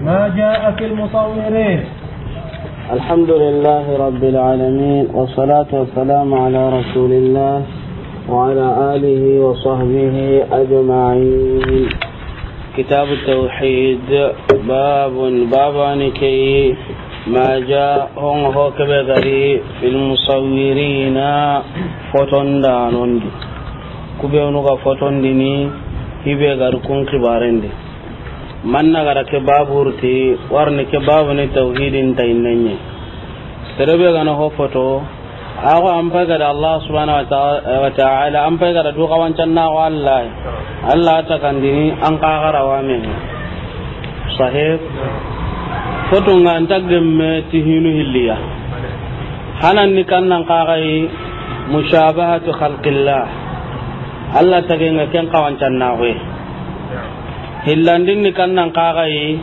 ما جاء في المصورين الحمد لله رب العالمين والصلاة والسلام على رسول الله وعلى آله وصحبه أجمعين كتاب التوحيد باب بابان كي ما جاء هم هو كبغري في المصورين فوتون دانون كبيرون فوتون ديني هبه غركون كبارين دي man nagara ke baburti warni ke babu ni tauhidin ta innenye serebe gana ho foto ako an pai gada allah subhanahu wa ta'ala an pai gada duka wancan na ko allah allah ta kandini an kakara wa men sahib foto nga an taggemme ti hinu hilliya hanan ni kannan kakai mushabahatu khalqillah allah tagenga ken kawancan na ko hillandin ni kan nan kagai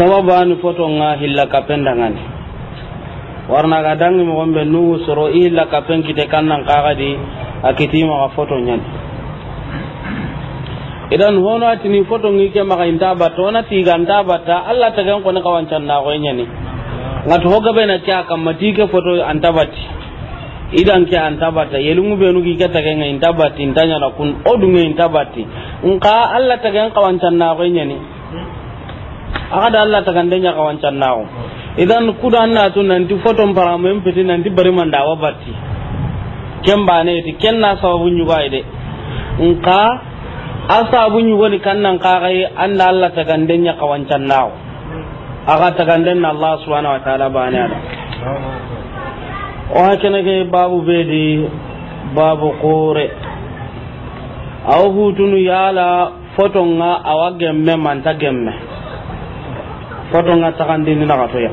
sababu ani foto nga hilla kapen ngani warna ga dangi mo gombe nu soro illa kapen kite kan nan kagadi akiti ma ga foto nyan idan hono ni foto ngi ke ma inta bato na tiga nta bata alla tagan ko ne kawancan na ko nyani ngat hoga be na kya kam matike foto anta idan ke an tabata yelungu benu gi kata ke ngai tabati intanya na kun odu ngai tabati nka Allah ta kawancan na ko nyani aka da Allah ta gan denya kawancan na idan kudan na tun nan foto foton paramen peti nan ti bari manda wa batti kem ba ne ti ken na sababu nyuga ide nka bu nyugo ni nan ka kai anda Allah ta gan denya kawancan na aka ta gan den Allah subhanahu wa ta'ala ba ne ada kene ke babu be di babu kore awo hutunu yala foto nga awa gemme manta gemme foto nga takandini nakatoya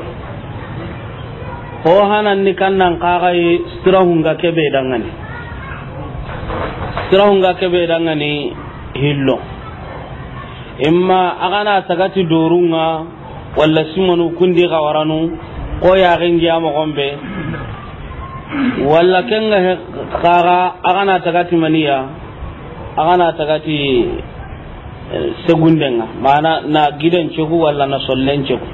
ho hananni kannan kaxaye sirahunga kebe dangani sirahunga kebe dangani hillo imma agana sagati dorunga wala simonu kundi xawaranu ko ya yaxingiyamoxon ɓe wala kenga he kaga agana tagati maniya agana tagati eh, nga mana na gidan cegu wala na sollen cegu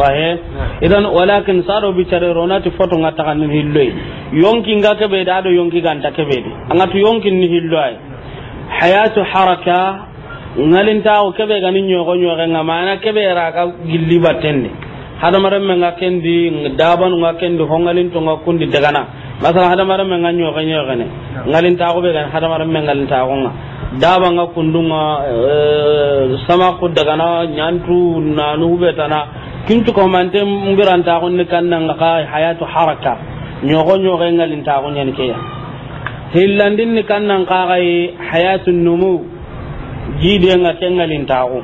sahe idan walakin saro bicare ronati foto nga ni hilloy yonki nga kebe da do yonki ganta be di angatu yonki ni hilloy hayatu haraka ngalintawo kebe ganin nyogo nyogo nga mana kebe ka gilli batende hadamaren men ga kendi daban ga kendi hongalin to ga kundi daga na masala hadamaren men ga nyo ga nyo ga ne ngalin ta go be ga hadamaren men ngalin ta go nga daba ga kundunga eh, sama ku dagana nyantu nu be ta na kintu ko man mante ngiran ta go ne kan nga ka hayatu haraka nyo go nyo ga ngalin ta go nyen ke ya hillandin ni kan nan ka ga hayatu numu jide nga kengalin ta go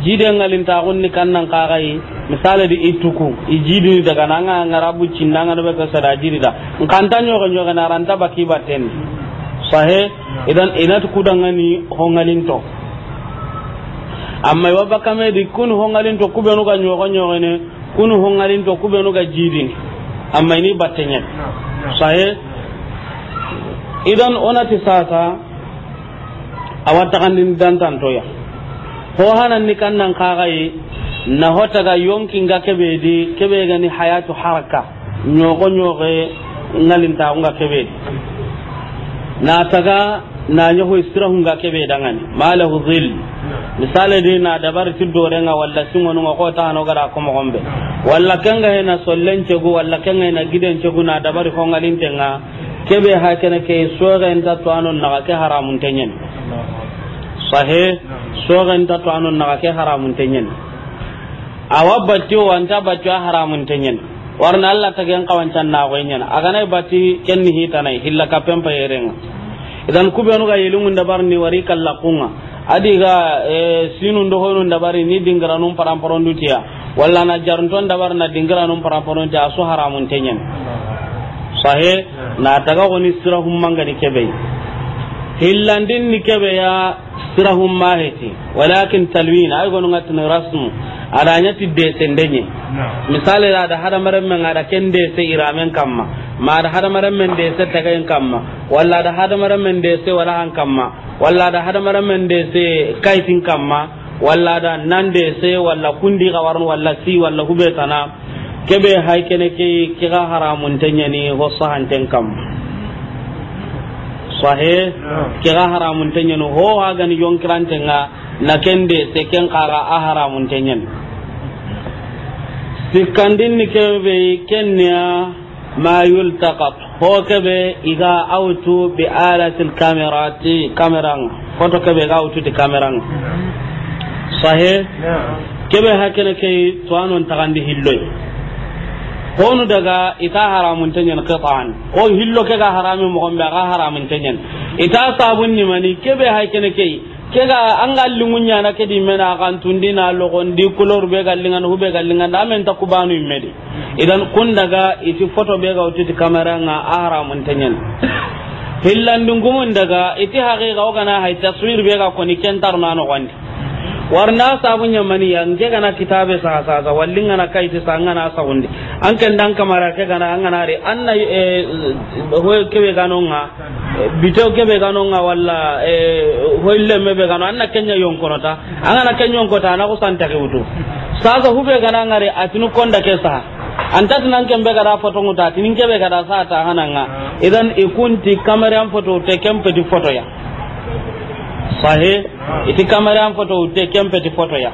jide ngalin ta gunni kannan kagai misali di ituku ijidi daga nanga ngarabu cinnanga do ka sada jirida nkanta nyoga nyoga na ranta baki baten sahe idan inat kudangani hongalin to amma wa me di kun hongalin to kubenu ga nyoga nyoga ne kun hongalin to kubenu ga jidini amma ini batenye sahe idan onati sasa awata kan din dantan to ya ho hanan ni kannan kagai na hota ga yonkin ga kebe di kebe ga ni hayatu haraka nyogo nyoge ngalin ta nga kebe na taga na istira istirahun ga kebe dangani malahu zil misali di na dabar ti nga walla singonu nga ko ta no gara ko mogombe walla kanga na sollen cegu walla kanga na giden cegu na dabar ko ngalin tenga kebe ha kana ke ga enta to anon na ke haramun tenyen sahe so gan ta to anon naga ke haramun tenyen awa batti o anta batti a haramun tenyen warna allah ta gen kawan kawancan na ko nyen aga nay batti ken ni hita nay hilla ka pempa yerenga idan ku kubenu ga yelungun bar ni wari adi ga e, sinu ndo hono honun bar ni dingara num paramparon dutia walla na jarun ton jarunton bar na dingara num paramparon ta so haramun tenyen sahe na ta ga woni sira hum mangani kebe hillandin ni kebe ya sirahum maheti walakin talwin ay gonu ngatni rasmu ada ti de sendenye misale ada hada maram men ada kende se iramen kamma ma ada hada maram men de se tagayen kamma walla ada hada maram men de se wala han kamma walla ada hada maram men de se kaitin kamma walla ada de se walla kundi gawarun walla si walla hubetana kebe hay kene ke kiga haramun tanyani ho sahanten kamma sahe ga haramun tanyen ho haga ni yon kirante nga na kende se ken kara a haramun tanyen sikandin ni kebe kenya ma taqat ho be iga autu bi alatil kamerati kamerang foto be ga autu di kamerang sahe ha hakene kay to anon tagandi hilloy konu daga ita haramun tanyan kafan ko hillo ke ga haramin mu gombe ga haramun tanyan ita sabun ni mani ke be hay kene ke ke ga an gallungun yana ke di mena kan tundi lo logon di kulor be gallingan be gallingan da men ta kubanu imedi idan kun daga iti foto be ga uti kamera nga haramun tanyan dungumun daga iti haqiqa kana hay taswir be ga koni kentar na no warna sabun yamani ya nge gana kitabe sa sa sa wallin gana kai ti sa ngana sa hunde an kan dan kamara ke gana an gana re an na ho eh, kebe gano nga eh, bito kebe gano nga walla ho me be gano an na kenya yon konota an gana kenya yon kota na ko santa ke wutu sa sa be gana ngare atinu konda ke sa anta kan kembe gada foto nguta tinin be gada sa ta hananga idan ikunti kamera foto te kempe di foto ya sahi iti kamera an foto utte kempe peti foto ya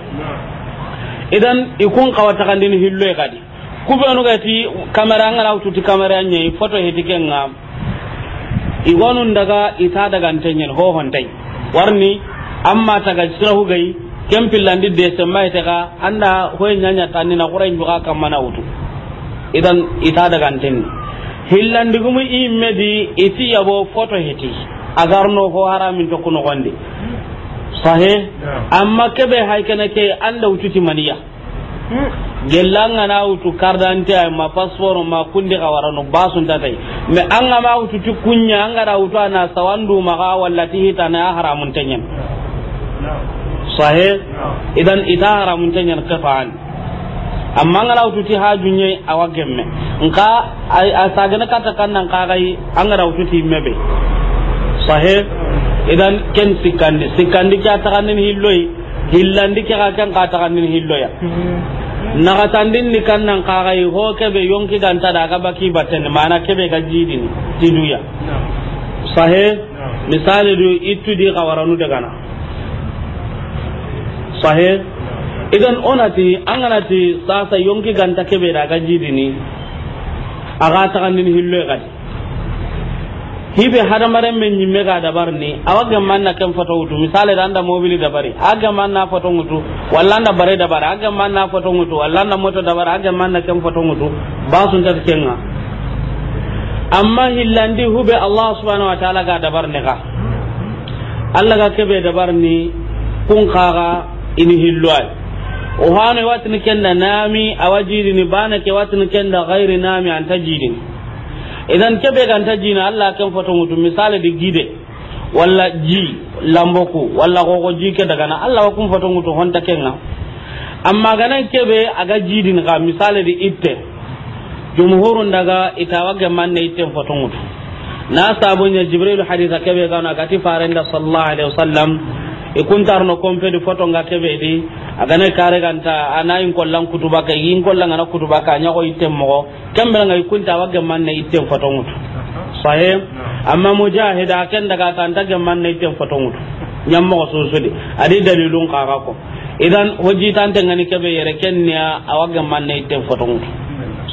idan ikun kawata kan din hillo ya e kadi kubenu no ti kamera an ala ututi kamera nye photo e hiti kenga igonun daga ita daga tanyen ho hontai warni amma taga sirahu gai kempillandi de semma itaga anda hoy nyanya tanni na kurai juga mana utu idan ita daga tanyen hillandi gumi imedi iti yabo photo hiti agarno ko haramin to kuno gonde sahe amma kebe hay kana ke anda wututi maniya gellanga na wutu kardante ay ma passport ma kunde ka no basun tatai me anga ma wututi kunya anga da utu ana sawandu ga wallati hita na haramun tanyen sahe idan ita haramun tanyen kafa'an amma ngala wututi ha junye gemme nka a sagana kata kannan kagai an ngara wututi mebe sahih idan ken sikandi sikandi ka taganin hilloi hillandi ka kan ka taganin hilloya nagatandin ni kan nan kaxay ho keɓe yonki gantaɗa ga baki battene mana keɓe ga jiidini jiduya. Hmm. sahe hmm. misali du ittudi xawaranu dagana sahe hmm. idan onati anganati sasa yonki ganta keɓe da ga jiidini axa taxandin hilloe xadi hibe hadamaren men nyimme ga dabar ni awa gamman na kan foto wutu misale da anda mobili dabari aga manna foto wutu walla anda bare dabar aga manna foto wutu walla anda moto dabar aga manna kan foto wutu ba sun ta kenga amma hillandi hube allah subhanahu wa ta'ala ga dabar ni ga allah ga kebe dabar ni kun kaga ini hilluai o hanu watin kenda nami ni bana ke watin kenda ghairi nami an tajidini idan kebe ganta jina Allah kan fata mutu misali da gide walla ji lamboku walla koko ji ke daga na Allah kun fata mutu honta kenna amma ganan kebe aga jidin ga misali da itte jumhurun daga itawa ga manne itte fata mutu na sabon ya jibril hadisa kebe ga na kati faran da sallallahu alaihi wasallam ikuntarno kompedi foto nga keɓedi agana kare ganta ana in kollan kutuba ka in kollan ana kutuba ka ñago itten mogo kemberenga ikunta awa gemmanne itten foto ŋutu sahe amma mujahida ken daga tanta gemmanne itten foto ŋutu ñammogo susudi adi dalilun kaga ko idan hojjitante ngani keɓe yere kenniya awa gemmanne itten foto ŋutu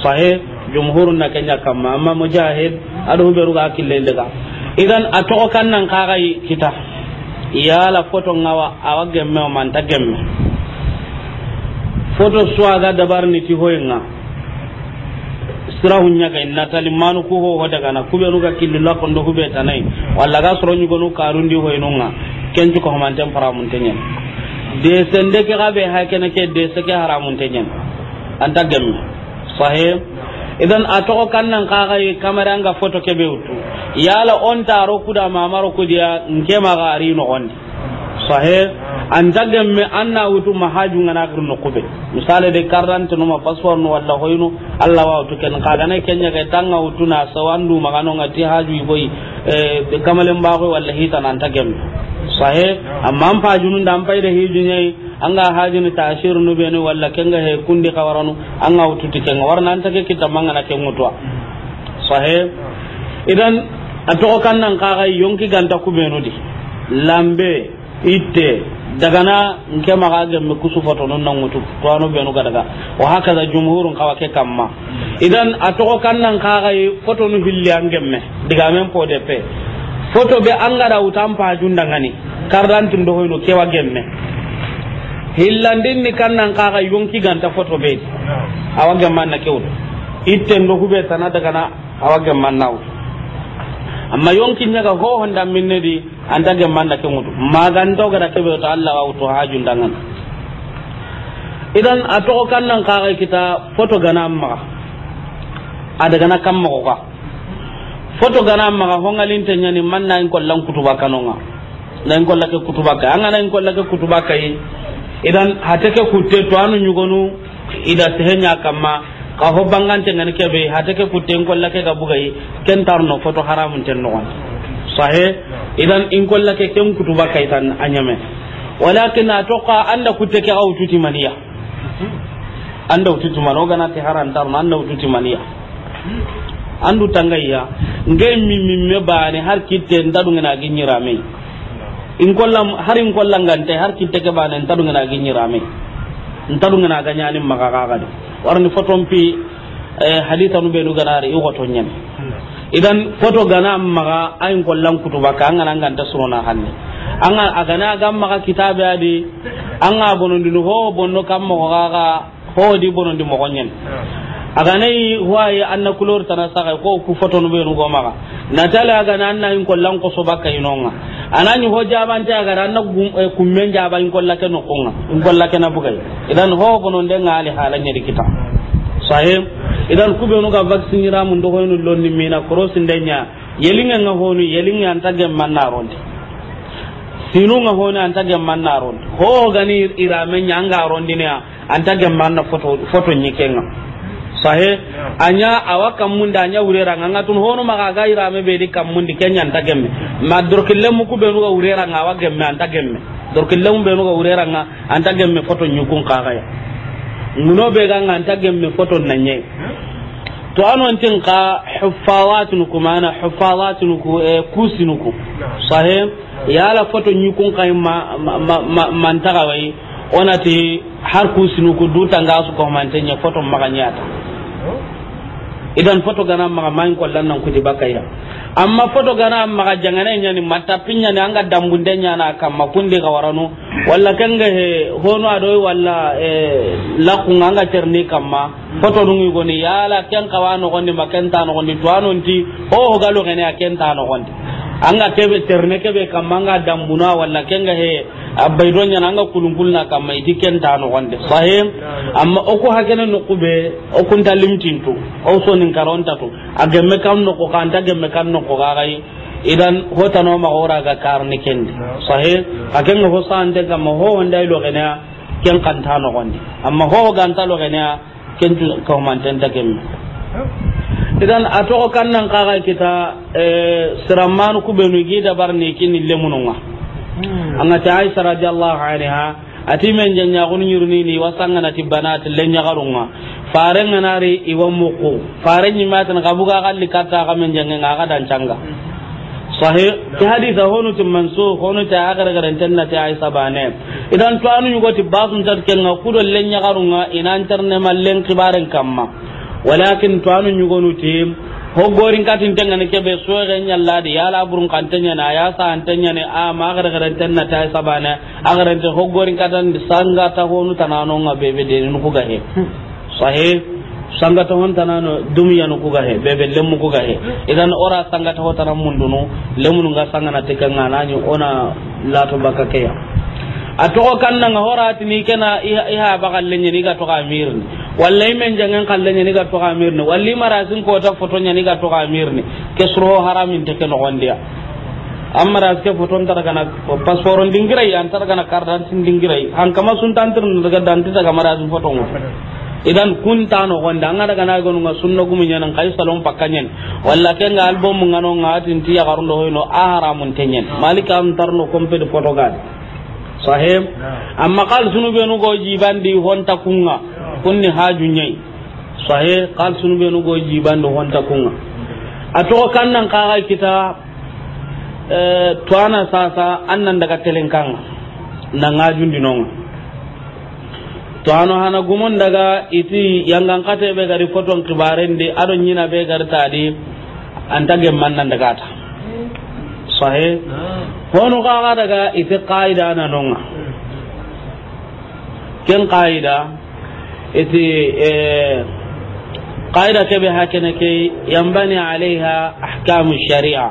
sahe jumhurun na kenya kamma amma mujahid aɗo huɓeruga hakkillendega idan a toxo kan nan kaxay kita yala photo ngawa awa gemme o manta gemme photo suwaga dabar ni ti hoy nga sira hunya ga inna tali manu ku ho ho daga na kube nuga kindu la kondo kube tanai walla ga soro nyugo nu karundi hoy nunga kenju ko manta para mun tenyen de sende ke ga be ha kenake de se ke haramun tenyen anta gemme sahib idan a togo kannan kamar an nga photo ke be ya yala on taro kuda mamaro kudiya nke ga ari no on sahe an dagam me na wutu mahaju ngana kar no kube misale de karran to no ma password no wala hoyno alla wa utu ken kaga ne kenya ga tanga wutu na sawandu magano ti haju iboy eh, e kamalen ba ko walla hita nan tagam sahe amma am fajunun da da hijin yayi anga hajini ta'shir nu ni wala kenga he kundi kawaranu anga ututi kenga warna anta ke kita mangana ke mutwa sahe idan atoko kannan nkaka yonki ganta kubenudi di lambe ite dagana nke maga gemme kusu foto non nan mutu to anu benu gadaga wa haka da jumhurun kawa ke kamma idan atoko kannan yi foto nu hilli gemme diga men po de pe foto be angara utampa jundangani kardan tun do hoyno kewa gemme hillandin ni nan kaga yonki ganta foto be awa gamman na kewdo itten do hube tana daga na awa gamman na amma yonki nyaga ho honda minne di anda gamman na kewdo Magan ga gada kebe to Allah wa to hajun dangan idan a to nan kaga kita foto gana amma a daga na kan mako ka foto gana amma hongalin tanya ni manna in kollan kutuba kanonga nan kollake kutuba ka an nan kollake kutuba kai idan ke kutte to anu nyugonu ida tehenya kama ka ho bangante ngani kebe hatake kutte ngolla ke buga yi ken tarno foto haramun ten no sahe idan in kolla lake ken kutuba kaitan anyame walakin atoka anda kutte ke au tuti maniya anda ma mano gana te haran tarno anda ututi maniya andu tangaiya ngem mi mi me bane har kitte ndadu ngana ginyirame in kolla har in kolla gante har kinte ba bana ntadu ngana ginyi rame ntadu ngana ganya ni makaga kadu warni foton pi eh, hadita nu benu ganari i goto nyen idan foto gana maga ayin kollan kutuba ka ngana nganta surona hanne anga agana gam maga kitabe adi anga bonon dinu ho bonno kam mo gaga ho di bonon di mo gonyen aganayi huwaye anna couleur tana saxa ko kufotonu ɓenu gomaxa natale agana anna in kollan koso bakka inonga anañi ho jabante agara anna eh, kumme jaba in kollake nokkunga in kollake na bugay idan hoogonon denga ali hala ñeri kita sahi idan kuɓenuga vaccine iramu ndohoynu lonni mina crosi ndeña yelinge nga honu yelinge anta gemmannaronde sinu nga honu anta gemmannaronde hoogani irame ñanga rondinea anta gemmanna photo photo ñikenga sahe anya awa mun da anya urera nganga tun hono maga ga irame be di kam mun di kenyan ta gemme madur kille mu ku benu no urera nga wa gemme anta gemme kille mu benu no urera nga anta gemme foto nyukun ka ga ya muno be ga anta gemme foto nanye to anon tin ka huffawatun ku mana huffawatun ku e, kusin ku sahe la foto nyukun ka ma ga wai onati har kusinu ku dutanga su ko mantenya foto maganyata idan foto gana maga main kollan nan kuti bakaya amma foto gana maga jangana nyani matapinya ne anga dambunde nyana kamma kunde gawarano walla kanga he hono ado walla e, la kunga nga terni kamma foto dungi goni yala ken kawano goni makenta no goni twano nti o ho galo gene akenta no goni anga kebe terne kebe kamma nga dambuna walla kenga he abai don yana anga kulungul na kamma idi kenta no goni sahim amma o ko hakene no kube o kun talimtinto o so nin karonta to agemme kam no ko kanta gemme kam no ko gagai idan ma magora ga karni kendi a aken ho sande ga ma ho wanda ilo gena ken kanta no gondi amma ho ganta lo gena ken tu ko man tan da ken idan ato kan nan kaga kita e, siraman ku benu gida barni kin lemununga hmm. anga ta aisha radhiyallahu anha ati men janya kun yurni ni wasanga na tibanat nya garunga faren nari iwa muku faren ga buga kalli kata jan janga ga dan changa hmm. sahih ti hadisa honu manso honu ta agar garantan na ta aisa bane idan to anu yugo ti basun tar ken ga kudo len garunga inan tar mallen kibaren kamma walakin to anu yugo nu ti katin tanga ne kebe burun kantanya na ya sa antanya ne a ma agar garantan na ta aisa bane agar ta katan ta honu de nu sangata hontana no yanu kuga he bebe lemu kuga he idan ora sangata hotana no lemunu nga sangana tekanga nyu ona lato baka ato kan na nga horati ni kena iha bakal lenye ni ga ka mirni wallahi men jangan kan lenye ni gato ka mirni walli marasin ko ta foto nya ni gato ka ni kesro haramin teke no gondia amma ras ke foto ndar kana passport dingirai antar kana kardan sin dingirai han kama sun tantir daga danti daga marasin foto ngo idan kun ta no gonda an daga na gonu nga sunna gumu nyanan kai salon pakkanyen walla ken ga album ngano ngatin tiya garundo hoyno mun tenyen malika am tarno kompe de fotogal sahib amma qal sunu be no goji bandi honta kunga kunni haju nyai sahib qal sunu be no goji bandi honta kunga ato kannan kaga kita eh tuana sasa annan daga telengkang na ngajun dinonga to ano hana gumon daga iti yangan kate be gari foton kibaren di ado nyina be gari tadi anta gemman nan daga ta sahe hono ka ga daga iti qaida na nonga ken qaida iti eh qaida ke be hakene ke yambani alaiha ahkamu sharia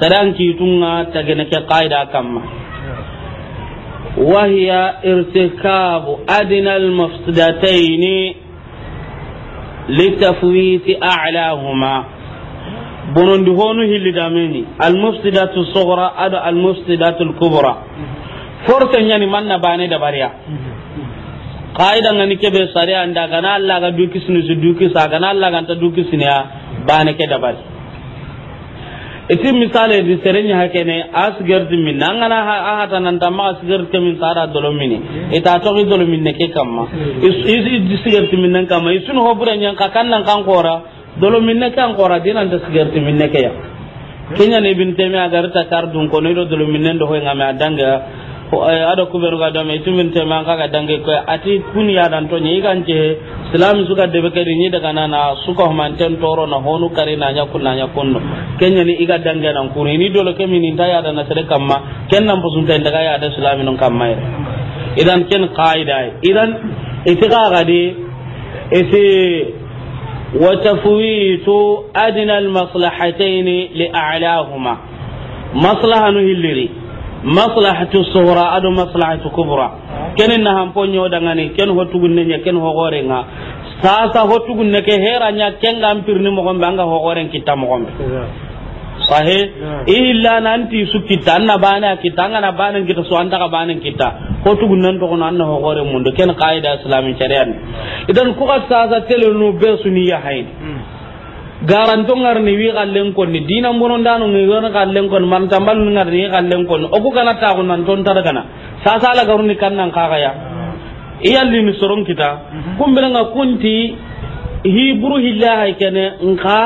sadan ki tunga tagene ke qaida kamma وهي ارتكاب أدنى المفسدتين لتفويت أعلاهما بنون دهونه اللي داميني المفسدة الصغرى أدو المفسدة الكبرى فرصة يعني من نباني دباريا قائدا أنني كبه سريع عندك غنال لغا دوكي سنسي دوكي ساغا أنا ألاغا دوكي سنيا باني كدباري iti misale di serenya hakene asgerti min a ahata nan tamma asgerti min sara dolomini ita to gi dolomini ke kamma is is sigerti min nan kamma isun hobure nyan kakan nan kan kora dolomin ne kan kora dinan da sigerti min ne ke ya kenya ne bin teme agarta kardun kono do dolomin ne do hoy ngame adanga Eh, ada ku beru kada itu minta mangka man ke dange ati kuni ya dan to nyi kan je islam suka de be ni daga nana suka man ten toro na honu kare na nya kunna nya kenya ni iga dange nan kun ni dole ke min ta ya dan sare kamma ken nan busun ten daga ya da islam non kamma idan ken qaida idan itiqa gade isi وتفويت أدنى المصلحتين لأعلاهما مصلحة نهلري maslahatu sughra adu maslahatu kubra kenin na hampo nyo dangani ken ne nya ken hogore nga sasa ne ke hera nya ken ga ampirni mo gombe anga hogore kitta mo gombe sahe illa nanti su kitta anna bana kitta anga na bana kitta so anda ka bana kitta hotugunnan to kono anna hogore mundo ken qaida islami shari'an idan ku ka sasa telenu be suniya hayni hmm. ngar ni wi kon ni dina bonon ndanu ni gon galen kon man tambal ni galen kon ko kana ta gon nan ton tar kana sa sala garuni kannan ga ya li ni soron kita kumbira nga kunti hibru hillaha kene nka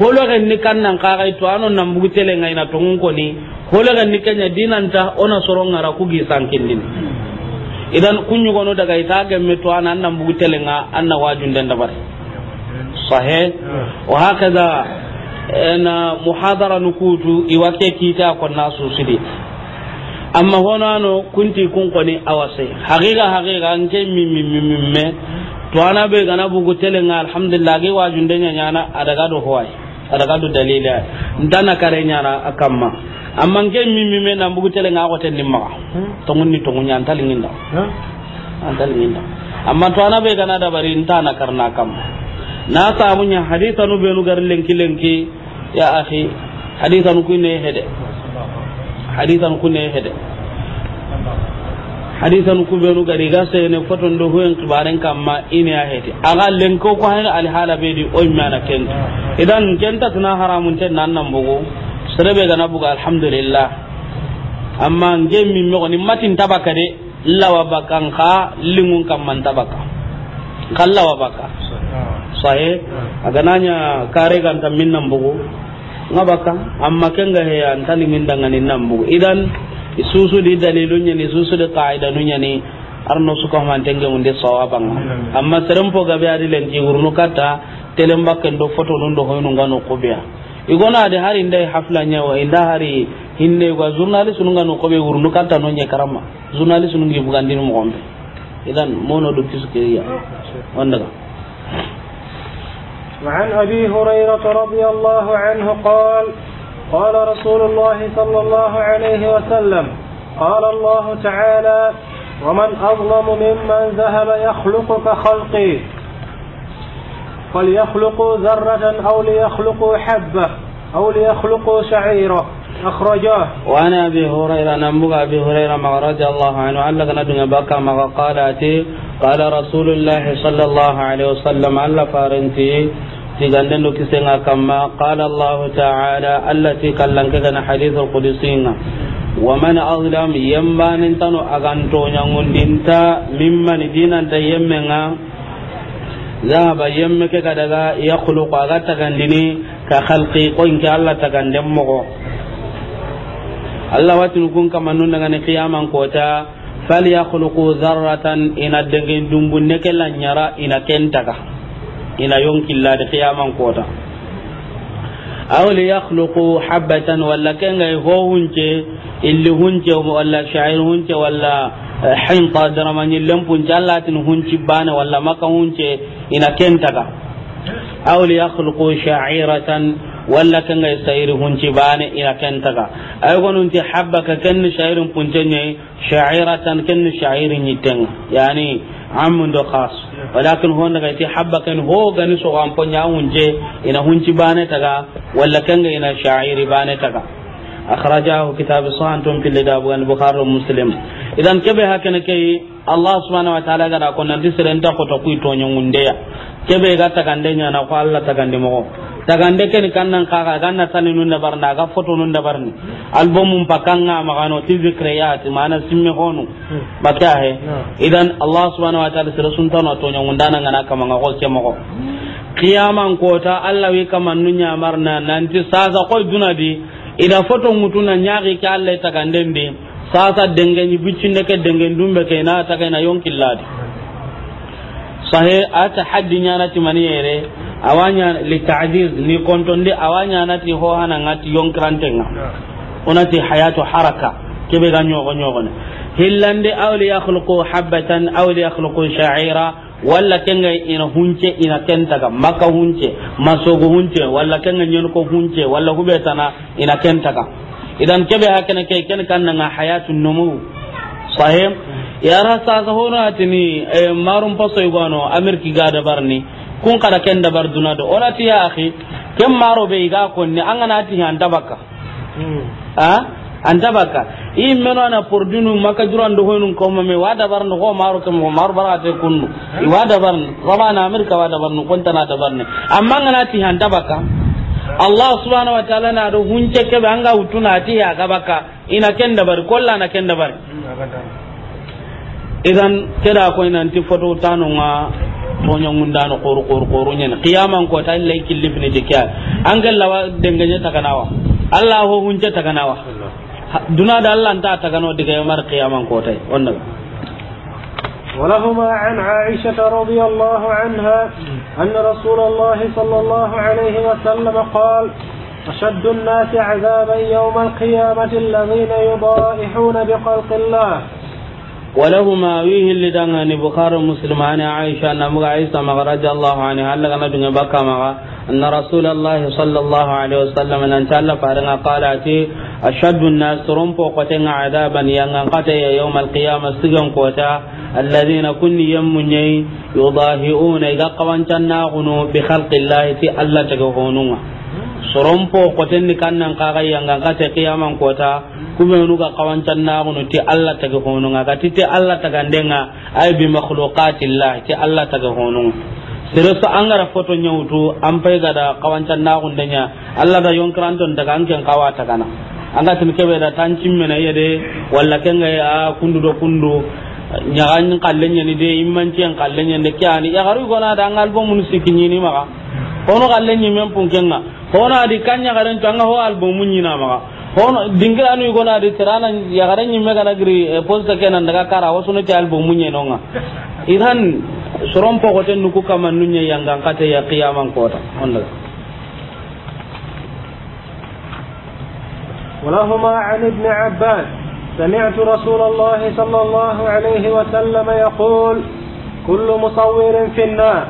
holo ni kannan ga to anon nan tele ngai na tongon ni holo ni kanya dinan ta ona soron ngara kugi din idan kunyu gono daga ita gamme to anan nan tele nga anna wajun den bare صحيح وهكذا أنا محاضرة نكوتو إيواكي كيتا كنا سوسيدي amma honano kunti kun koni awase haqiqa haqiqa anke mimmi mimmi me to ana be gana bugu telenga alhamdulillah ge wajun denya nyana adaga do hoai adaga do dalila ndana kare nyana akamma amma anke mimmi me na bugu telenga ko ten nimma tongun ni tongun nyan talinginda antalinginda amma to ana be gana da bari na karna na tamunya haditha nu benu gar lenki lenki ya akhi haditha nu kunne hede haditha nu kunne hede haditha nu ku benu gari ga sai ne foton do hoyen kibaren kamma ine ya hede aga lenko ko hanin al hala be di oy mana kent idan kenta tuna haramun ten nan nan bugo sirabe ga na buga alhamdulillah amma ngem mi mo ni matin tabaka de lawa bakan kha lingun kamman tabaka kallawa baka faye aganaña kare ganta min na mbugu nga ɓakka amma kenga heya ntani min danganin na mbugu idan i susudi dalilu ñani susudi qaida nu ñani arno sukahmantengeunde sawabanga amma serenpo gabe adi lentiwurnu katta telen bakken do photo nun do hoynu ngano qubea igonaade hari ndey hafla ñewa inda hari hinneyga journaliste nu ngano qoɓe wurnu katta no ñe karama journaliste nu ngibugandinu moxon ɓe idan mono ɗo kisukeya wandaga وعن أبي هريرة رضي الله عنه قال قال رسول الله صلى الله عليه وسلم قال الله تعالى ومن أظلم ممن ذهب يخلق كخلقي فليخلقوا ذرة أو ليخلقوا حبة أو ليخلقوا شعيرة أخرجاه وعن أبي هريرة نبغى أبي هريرة ما رضي الله عنه علق ندنا بكى ما قال قال رسول الله صلى الله عليه وسلم على فارنتي sigande no kise nga kamma qala allah ta'ala allati kallanka kana hadith alqudusina wa man azlam yamma nin tanu aganto nyangun dinta mimma ni dinan da yemma nga zaba yemma ke kadaga yakhluqu agata gandini ka khalqi ko inke allah ta gandem mo allah watin kun kama nun daga ni qiyamang kota fal yakhluqu dharratan ina dengin dumbun nekelanyara ina kentaka ina la da qiyaman kota aw yakhluqu habatan walla kenga e ho hunce illi hunce walla sha'ir hunce walla eh, hinta daramani lampun jallatin hunci bana walla maka hunce ina kentaga aw yakhluqu sha'iratan walla kenga e sayir hunci bana ina kentaga ay gonunti habaka kenni sha'irun puncenye sha'iratan kenni sha'irin yitenga yani amun do khas walakin hon daga ti habba kan ho gani so an ponya unje ina hunci bane taga walla kanga ina sha'iri bane taga akhrajahu kitab santum fil lidab al bukhari muslim idan kebe hakana kai allah subhanahu wa ta'ala gara ko nan disere ta ko to kuito to nyungunde ya kebe ga tagande nya na ko allah tagande mo tagande ken kan nan ka ga na tani nun da barna ga foto nun da barni album mun pakanga magano ti zikriyat mana simme honu baka he hmm. idan allah subhanahu wa ta'ala sira sun tano to nyungunda nan ngana kama ngako ke mo kiyaman kota allah wi kama nun nya marna nan ti sasa ko dunadi ida foto mutuna nyaaki ke allah tagande ndi sasa dengeni biccinne neke dengen dumbe ke na ta na yonkilladi sahe ta haddi ti mani yere li ta'ziz ni kontonde ti ho nga. una ti hayatu haraka kebe ga ko ne. hillande awli li yakhluqu habatan awli li yakhluqu sha'ira walla kenga ina hunce ina kentaga maka hunce masogo hunce walla kenga ñen ko hunce walla hubetana ina kentaga idan kebe hakana kai kan kannanga hayatun numu sahim ya yara sasa hono atini eh, marum pasoy gono amirki da barni kun kada ken da bar duna do onati ya akhi kem maro be ga ni an ana ti han dabaka hmm. ha an dabaka i meno na pordinu maka duran do honun ko me wada bar no ko maro ken mo maro bara te kunnu i wada bar rabana amirka wada bar no kon tana da bar ne amma an ana ti han dabaka allah subhanahu wa ta'ala na da hunce ke ba anga na ati ya gabaka ina ken da bar kolla na ken da bar idan keda ko ina anti foto tanu nga tonya ngunda no koru koru koru nyen qiyaman ko tan lay kilibni dikya angal lawa denganye takanawa allah ho hunce takanawa duna da allah ta takano diga mar qiyaman ko tay onna ولهما عن عائشة رضي الله عنها أن رسول الله صلى الله عليه وسلم قال أشد الناس عذابا يوم القيامة الذين يضائحون بخلق الله ولهما ويه اللي دعنا بخار مسلمان عائشة نمغ عيسى مغرج الله عنها لغنا دنيا مغا أن رسول الله صلى الله عليه وسلم أن تعالى فارنا قال أتي أشد الناس رمبو قتن عذابا ينقطع يوم القيامة سجن قوتا الذين كن يمني يضاهئون إذا قوان تناغنوا بخلق الله تي الله تكهونوا sorompo koten ni kannan kaga yanga kate qiyaman kota kuma nu ga kawancan na gunu ti Allah taga honunga ga ti Allah taga ndenga ay bi makhluqatillah ti Allah taga honunga an angara foto nyautu ampai gada kawancan na kundanya Allah da yonkaranton daga anken kawata kana anga tin kebe da tancin mena yede walla ga ya kundu do kundu nyagan kallenya ni de imman cien kallenya de kyani ya garu gona da an album mun sikinyi ni maka hono kallenya men punkenga hono adi kanya garan an ho album mun nyina maka hono dingira nu gona adi tirana ya garan nyimme gri giri eh, posta kenan daga kara wasu no album mun nyenonga idan soron pogoten nuku kamannu nye yangan kate ya qiyaman kota onda ولهما عن ابن عباس سمعت رسول الله صلى الله عليه وسلم يقول كل مصور في النار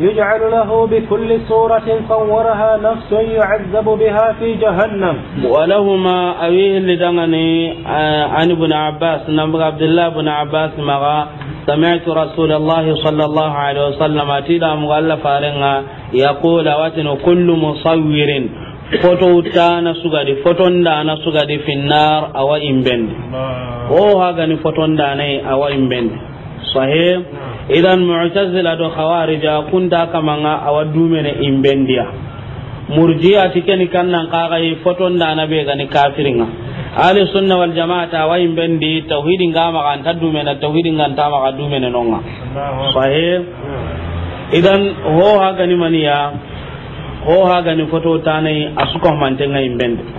يجعل له بكل صورة صورها نفس يعذب بها في جهنم ولهما أبيه لدغني آه، عن ابن عباس نبغى عبد الله بن عباس مغا سمعت رسول الله صلى الله عليه وسلم أتيدا مغلفا لنا يقول واتن كل مصور تانا tana sugadi foton dana في النار أو إمبند هو هذا foton dana أو إمبند صحيح نعم. idan mu'tazila do khawarija kunda kamanga awa dumene imbendiya murji'a tikeni kannan kakai foton da na be gani kafiringa ahli sunna wal jama'ata wa imbendi tauhidi ga ma kan dumene tauhidi ga ta ma dumene nonga sahih idan ho ha gani maniya ho ha gani foto tanai asuko mantenga imbendi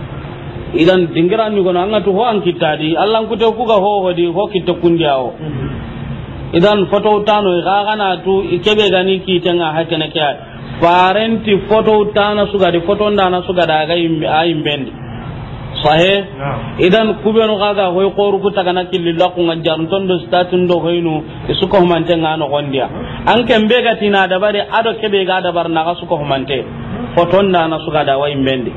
idan dingira ni gono anga to ho an kitadi allan kute ku ga ho ho di ho kitta kundiyawo idan foto tano ga gana tu ikebe gani ki tanga hakene kya parenti foto tana suga di foto ndana suga da ga a imbendi sahe idan kubenu kaga hoy qoru ku tagana killi la ku ngajar ton do statun do hoinu su ko mante ngano gondia an kembe ga tina da bare ado kebe ga da bar na ga su ko mante foton da na suga da wa imbendi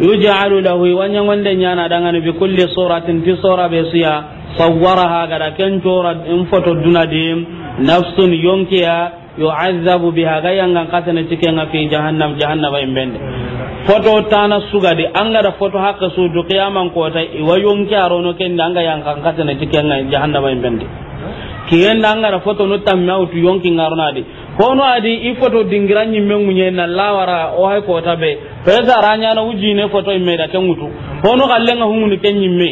yuj'alu lahu wanya wanda nyana dangane bi kulli suratin fi sura be siya sawwaraha gara ken tora in foto duna de nafsun yonkiya yu'azzabu biha gayangan kasana cikin fi jahannam jahannaba imbende foto tana suga de an gada foto haka su du qiyaman kota iwa yonki arono ken anga yankan kasana cikin jahannaba imbende kiyen anga da foto no tamma utu yonki ngarona de kono adi i photo dingira ñimme ŋuñe na lawara o hay kota be peresa arañana wujine photo i meda ten ŋutu kono xa lenga huŋuni ken ñimme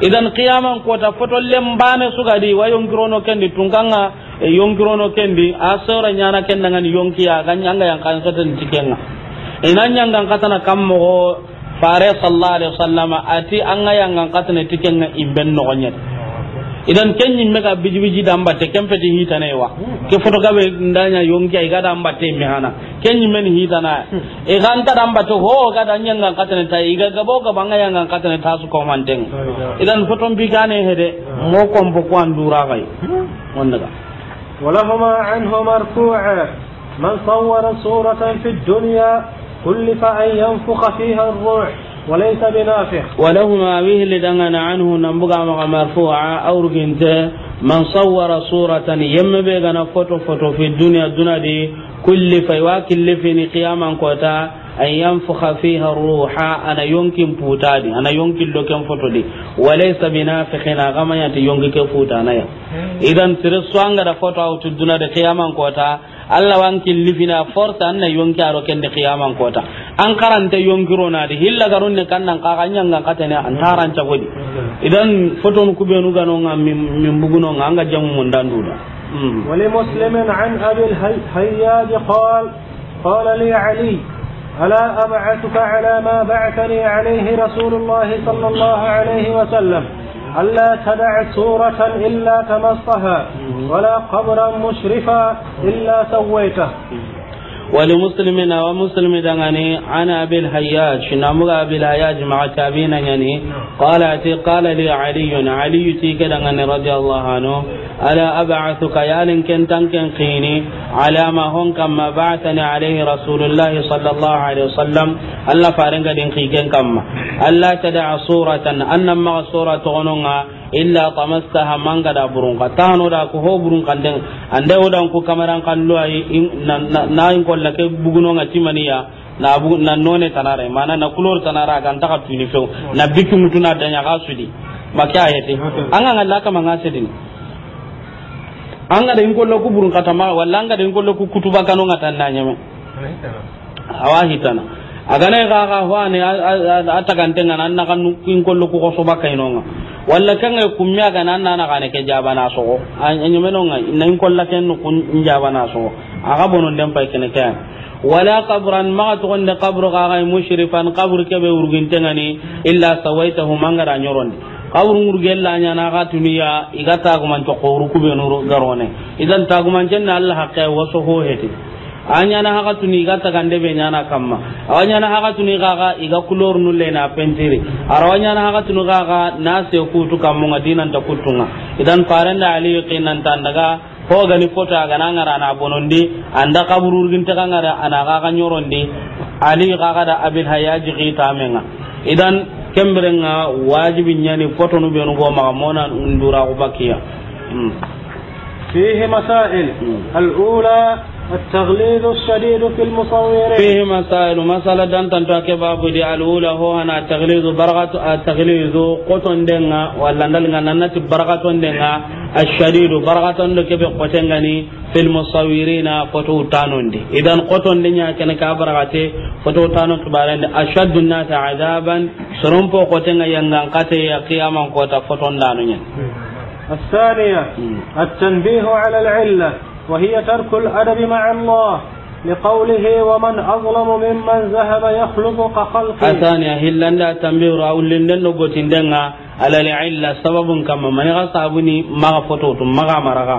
idan kiyaman kota photo lembane sugadi wa yonkirono kendi tunkanga eh, yonkirono kendi a sora ñana kendangani yonkiya ganyanga yan kanxeten ti kenga ina ñanga nkatana kam moxo fare sallallahu alaihi wasallama ati anga yanga nkatana ti kenga imben noxoñet idan kenyin mega biji biji da ambatte kempe di hita ne wa ke foto gabe ndanya yonki ai gada ambatte mi hana kenyin men hita na e ganta da ambatte ho gada nyanga katane ta iga gabo ga banga yanga katane ta su ko manten idan foto bi gane hede mo ko mbo ko andura kai wanda ga anhu marfu'a man من suratan fi dunya kullifa an yanfukha fiha ar-ruh وليس بنافع ولهما به لدنا عنه نبغى مغا مرفوعا أو رجنت من صور صورة يم بيغنا فوتو فوتو في الدنيا الدنيا دي كل فيواكل في قياما كوتا أن ينفخ فيها الروح أنا يمكن بوتادي أنا يمكن لو كان فوتودي وليس بنافخ غما ينتي يمكن كفوتا أنا إذا ترسوانغا فوتو أو تدنا دي قياما كوتا Allah wan killifina forta anna yonki aro kende qiyaman kota an karanta yonkiro na di hilla garun ne kannan ka kanya ngan katane an taran ta godi idan foton mu kube nu gano ngam min buguno nganga jamu mun danduda mm. wali muslimin an abil hayyad qal qala li ali ala ab'atuka ala ma ba'athani alayhi rasulullah sallallahu alayhi wa sallam. ألا تدع سورة إلا تمصها ولا قبرا مشرفا إلا سويته wali muslimi na wa muslimi dangane ana abil hayyaj na muka abil hayyaj ma'a tabi na yane kala ce kala li aliyu na aliyu ce ke dangane radiyallahu anu ala abacu ka yalin kentan ken kini ala ma honkan ma ba'ata ni alaihi rasulullahi sallallahu alaihi wasallam allah faringa din kiken kama allah ta da'a suratan annan ma suratu onunga illa tamastaha manga da burun ka tano da ko ho burun kan den ande odan ko kamaran kan lo ay na in kolla ke buguno ngati maniya na bu na none tanare mana na kulor tanara kan ta tuni fe na bikku mutuna da nya gasudi maka ayati anga ngalla ka manga sedin anga da in kolla ku burun kata ma walla anga da in kolla ku kutuba kanu ngata na nyame awa hitana agana e ga ga wani atagante ngana na kanu kin kollo ko so ba baka inonga walla kan ga e kumya ga nan na ga ne ke jaba na so anyo nga na in la ken nu kun jaba na so aga bono dem pai e ken ke wala qabran ma to gonde qabru ga ga mushrifan qabru ke be urgin tenga ni illa sawaitahu mangara nyoron qabru urgel la nya na ga tuniya igata ko man to ko ru ku be no garone idan ta ko man jenna allah wa so ho hete anyana haka tuni ga tagande be nyana kamma awanyana haka tuni ga ga iga kulor nulle na pentiri arawanyana haka tuni ga ga na se ku kutu kamunga dinan ta kutunga idan faranda ali qinan tandaga ho gani kota ga nangara na bonondi anda kabururgin ta kangara ana ga ga nyorondi ali ga ga da abil hayaji qita menga idan kemberenga wajibin nyani foto nu be no go ma mona ndura ubakiya فيه مسائل الأولى التغليظ الشديد في المصورين فيه مسائل مسألة دانتا تاكي بابو دي الأولى هو أنا التغليظ برغة التغليظ قطن دينا ولا نلغى ننتي برغة دينا الشديد برغة لكي بقطن غني في المصورين فتو تانون دي إذن قطن دينا كان كابرغة فتو تانون كبارين أشد الناس عذابا سرمبو قطن ينغان قتي قياما قطن فتو تانون الثانية التنبيه على العلة وهي ترك الأدب مع الله لقوله ومن أظلم ممن ذهب يخلق كخلقه أثاني أهلا لا تنبير أو لنن قتندنا على العلة سبب كما من غصابني ما فتوت ما مرغا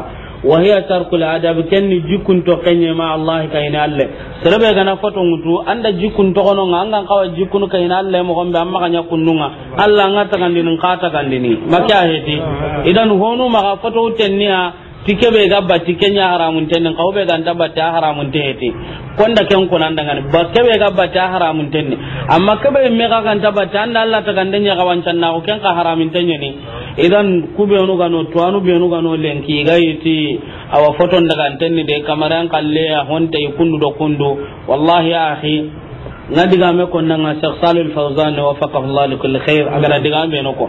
وهي ترك الأدب كن جكن تقني مع الله كين الله سربا كنا فتون تو أنت جكن تقنونا أنت قوى جكن كين الله مقام بأما كان يكونونا الله نتغن لنقاتا كان لني ما كاهتي إذن هونو ما فتوت النيا tike be ga batti kenya haramun tenen ka be ga ta haramun tete konda ken kunan daga ne ba ke be ga batti haramun tenne amma ke be me ga kan ta nan Allah ta kan denya ga wancan na ko ken ka haramun tenne ni idan ku be onu ga no to anu be onu ga no lenki ga yiti awa foton daga tenne de kamaran kalle a honta kundu do kundu wallahi akhi nga diga me ko nanga Sheikh Salih Fawzan wa faqahu Allah li kulli khair agara diga me no ko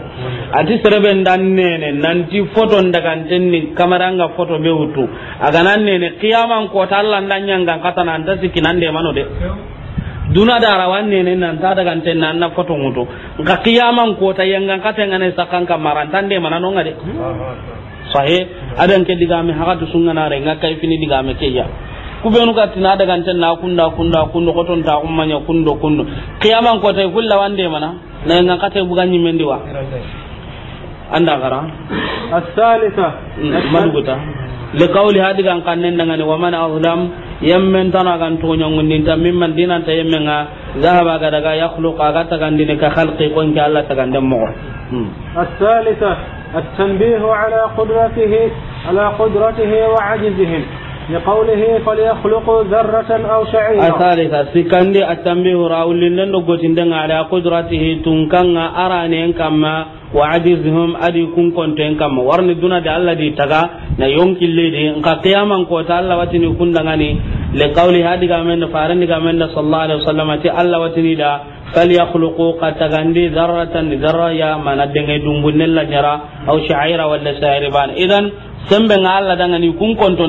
ati serebe dan nene nanti foto ndaga tenni kamera nga foto be wutu aga nan nene qiyamam ko ta Allah dan nyanga kata nan da nan de mano de duna da rawan nene nan ta daga ten nan na foto wutu nga qiyamam ko ta yanga kata ngane sakan kamaran tan de mana no ngade sahe adan ke diga me haga to sunga na re nga kai fini diga me ke ya kubenu ka tina daga ntan na kunda kunda kundo koton ta kummanya kundo kundo qiyaman ko tay kulla wande mana na nga kate buganyi mendi wa anda gara as-salisa mm, maduguta liqawli hadiga an kannen daga ne wa man azlam yammen tana kan to nyangundin ta mimman dinan ta yemmen zahaba ga daga yakhluqa ga ta gandine ka khalqi kon ka Allah ta gandam mo mm. as-salisa التنبيه على قدرته على قدرته وعجزهم لقوله فليخلق ذرة أو شعيرة الثالثة سكندي التنبيه راول لن قوتين على قدرته تنكن أراني كما وعجزهم أدي كن كنتين كما ورن دون دي الله دي تغا نا يمكن دي انقا قياما قوت الله واتني كن دغاني لقوله هذه قامنا فارن قامنا صلى الله عليه وسلم تي الله واتني دا فليخلقوا قد تغندي ذرة ذرة يا من دنگي دنبن الله جرا أو شعيرة ولا سائر إذن sembe nga alla danga ni kun konton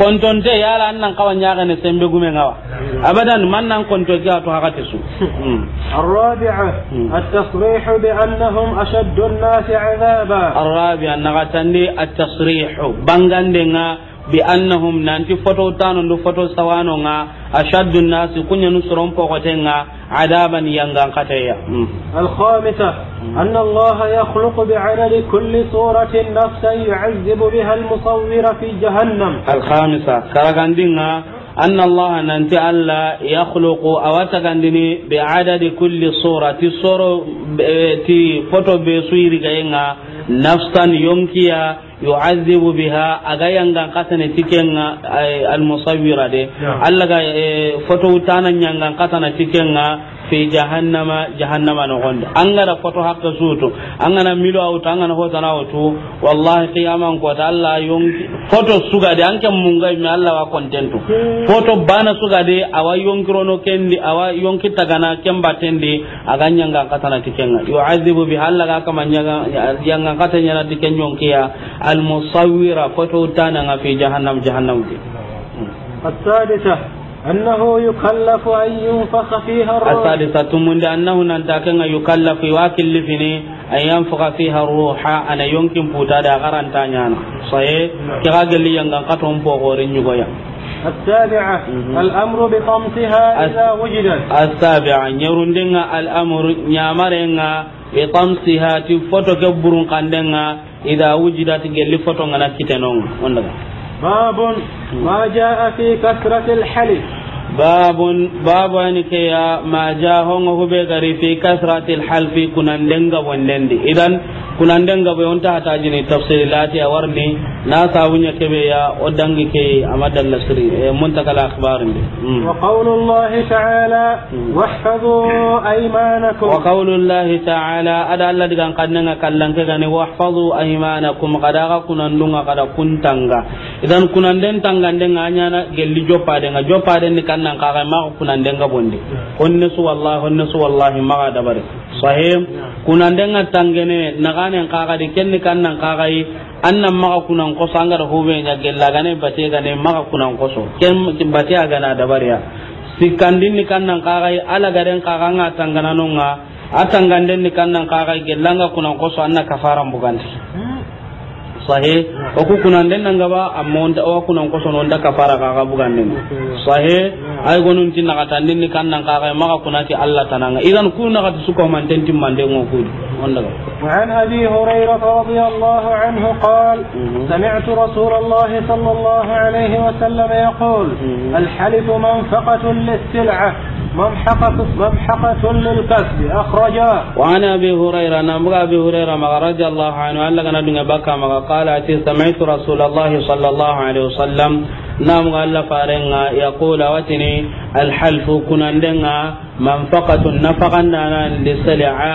konton te yala annan kawan ya gane sembe gume ngawa hmm. abadan man nan konto ga to hakati su hmm. arabi'a hmm. at-tasrih bi annahum ashaddu an-nas 'adaba arabi'a an gatanni at-tasrih bangande nga بأنهم نانتي فتو تانو نو فتو سوانو نا أشد الناس كن ينسرون فوقتنا عذابا ينغان قتيا الخامسة أن الله يخلق بعدد كل صورة نفسا يعذب بها المصور في جهنم الخامسة كاراغاندينا أن الله أنت ألا يخلق أواتغندني بعدد كل صورة صورة تي فتو بسوير غينا نفسا يمكيا يعذب بها أغايان قتن تكين المصورة دي ألا فتو تانا نيان قتن تكين fi jahannama jahannama no gonde angara koto hakka sutu angana milo auto angana hota na auto wallahi qiyaman ko ta Allah yonki foto suga de anke munga mi Allah wa contentu foto bana suga de awa yonkiro no kendi awa yonki tagana kemba tendi aganya nga katana tikenga yu'adhibu bi Allah ga kama ga yanga katanya na tiken tikenyon kia al musawwira foto tana nga fi jahannam jahannam di السادسة annahu yu kallafu aiyin fasa fiye a rola. asali sa annahu nata kai nga yu kallafu wakilifi ne aiyin fasa fiye a rola ana puta da karanta na. soye ki hage liyan ka katon pokorin nyuko yan. asali sa. al'amru bi kompita idan wujidan. asali sa nyaru ndinga al'amru nyaamarenka bi kompitaa foto ke buru kan denga idan wujidan foto kana kite nongu. باب ما جاء في كثرة الحلف babun babu ani ke ya ma ja hongo hube gari fi kasratil halfi kunandenga wandende idan kunan kunandenga be onta hata jini tafsir lati a warni na sabunya ke be ya odangi ke amadan nasri e, muntakal akhbarin be hmm. wa qaulullahi ta'ala hmm. wahfazu aymanakum wa qaulullahi ta'ala ada Allah digan kannanga kallanke gane wahfazu aymanakum kadaga kunandunga kada tanga idan kunan den kunanden tangandenga anya na gelli jopa denga jopa den kan nan kaga ma kunan denga bondi onne su wallahi onne su wallahi ma ga bare sahim kunan denga tangene na nagane kaga de kenni kan nan kaga yi annan ma kunan ko sanga da hobe ga gella ga ne bace ga ne ma kunan ko so ken bace ga na da bare ya sikandin ni kan nan kaga yi ala garen kaga ga tangana nonga atanganden ni kan nan gella ga kunan ko so anna kafaran bugan sahe o ku kunan den nan gaba amma on da o kunan ko son on da kafara ka ga bugan den sahe ay gonun tin na katan din kan nan ka ga maka kunati Allah tananga idan ku na katu suko man den tin man den o ku on daga وعن ابي هريره رضي الله عنه قال سمعت رسول الله صلى الله عليه وسلم يقول الحلف منفقه للسلعه ممحقة ممحقة للكسب أخرجاه وعن أبي هريرة نبغى أبي هريرة رضي الله عنه قال لك أنا بكى قال أتي سمعت رسول الله صلى الله عليه وسلم نام قال فارنا يقول وتني الحلف كنندنا منفقة نفقا نانا لسلعة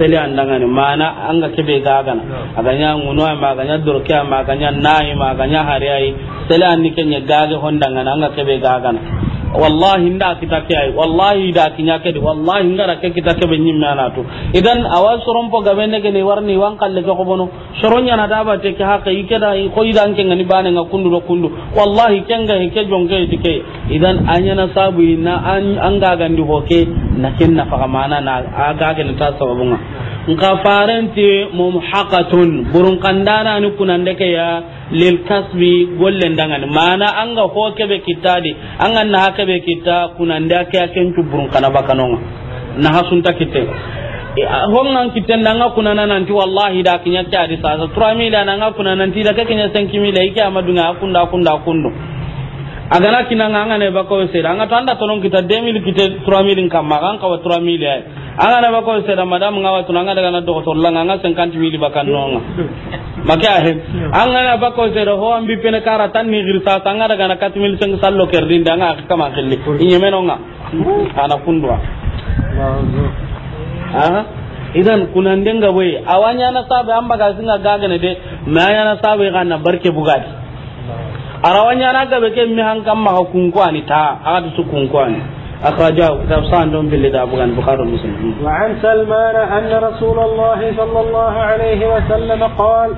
سلعة نغاني ما أنا أنغا كبي غاغنا اغنيا منوى ما أغانيا دركيا ما أغانيا ناي ما أغانيا هرياي سلعة نكني غاغي هندنا أنغا كبي غاغنا wallahi nda kita ke ay wallahi da kinya ke di wallahi ngara ke kita ke benyi mana to idan awas rompo gabe ne ke ne warni wan kalle ke kobono soronya na daba te ke haka ike da ko idan anke ngani bane nga kundu do kundu wallahi kenga he ke jonge dike idan anya na sabu na an anga gandi hoke na ken na faga mana na aga ga ta sababunga nka farenti mumhaqatun burun kandana ni kunande ke ya lil kasbi gollen dangan mana anga ho kebe kitadi anga na kebe kita kunanda kya kencu burun kana bakanonga na hasunta kitte e, kite nanga kuna kunana nanti wallahi da kinya sa tura mi da nanga kunana nanti da san kimi da yake amadu nga akunda akunda akundu agana kinanga anga ne bako se anga tanda tonong kita 2000 kita 3000 kamma kan kawa 3000 ay an ga na bako seda madam nga watu nga daga na doktor la nga sankanti mili bakan nonga maka an ga na bako seda ho ambi pene kara tan ni girsa tanga daga na katimil sang sallo nga danga kama kelli inye nga. ana kundwa aha idan kunan denga boy awanya na sabe amba ga singa gagane de maya na sabe ga na barke bugati arawanya na gabe ke mi hankam ma hukunku ani ta aga su kunku أخرجه كتاب صاندوم في اللي دابو البخاري ومسلم وعن سلمان أن رسول الله صلى الله عليه وسلم قال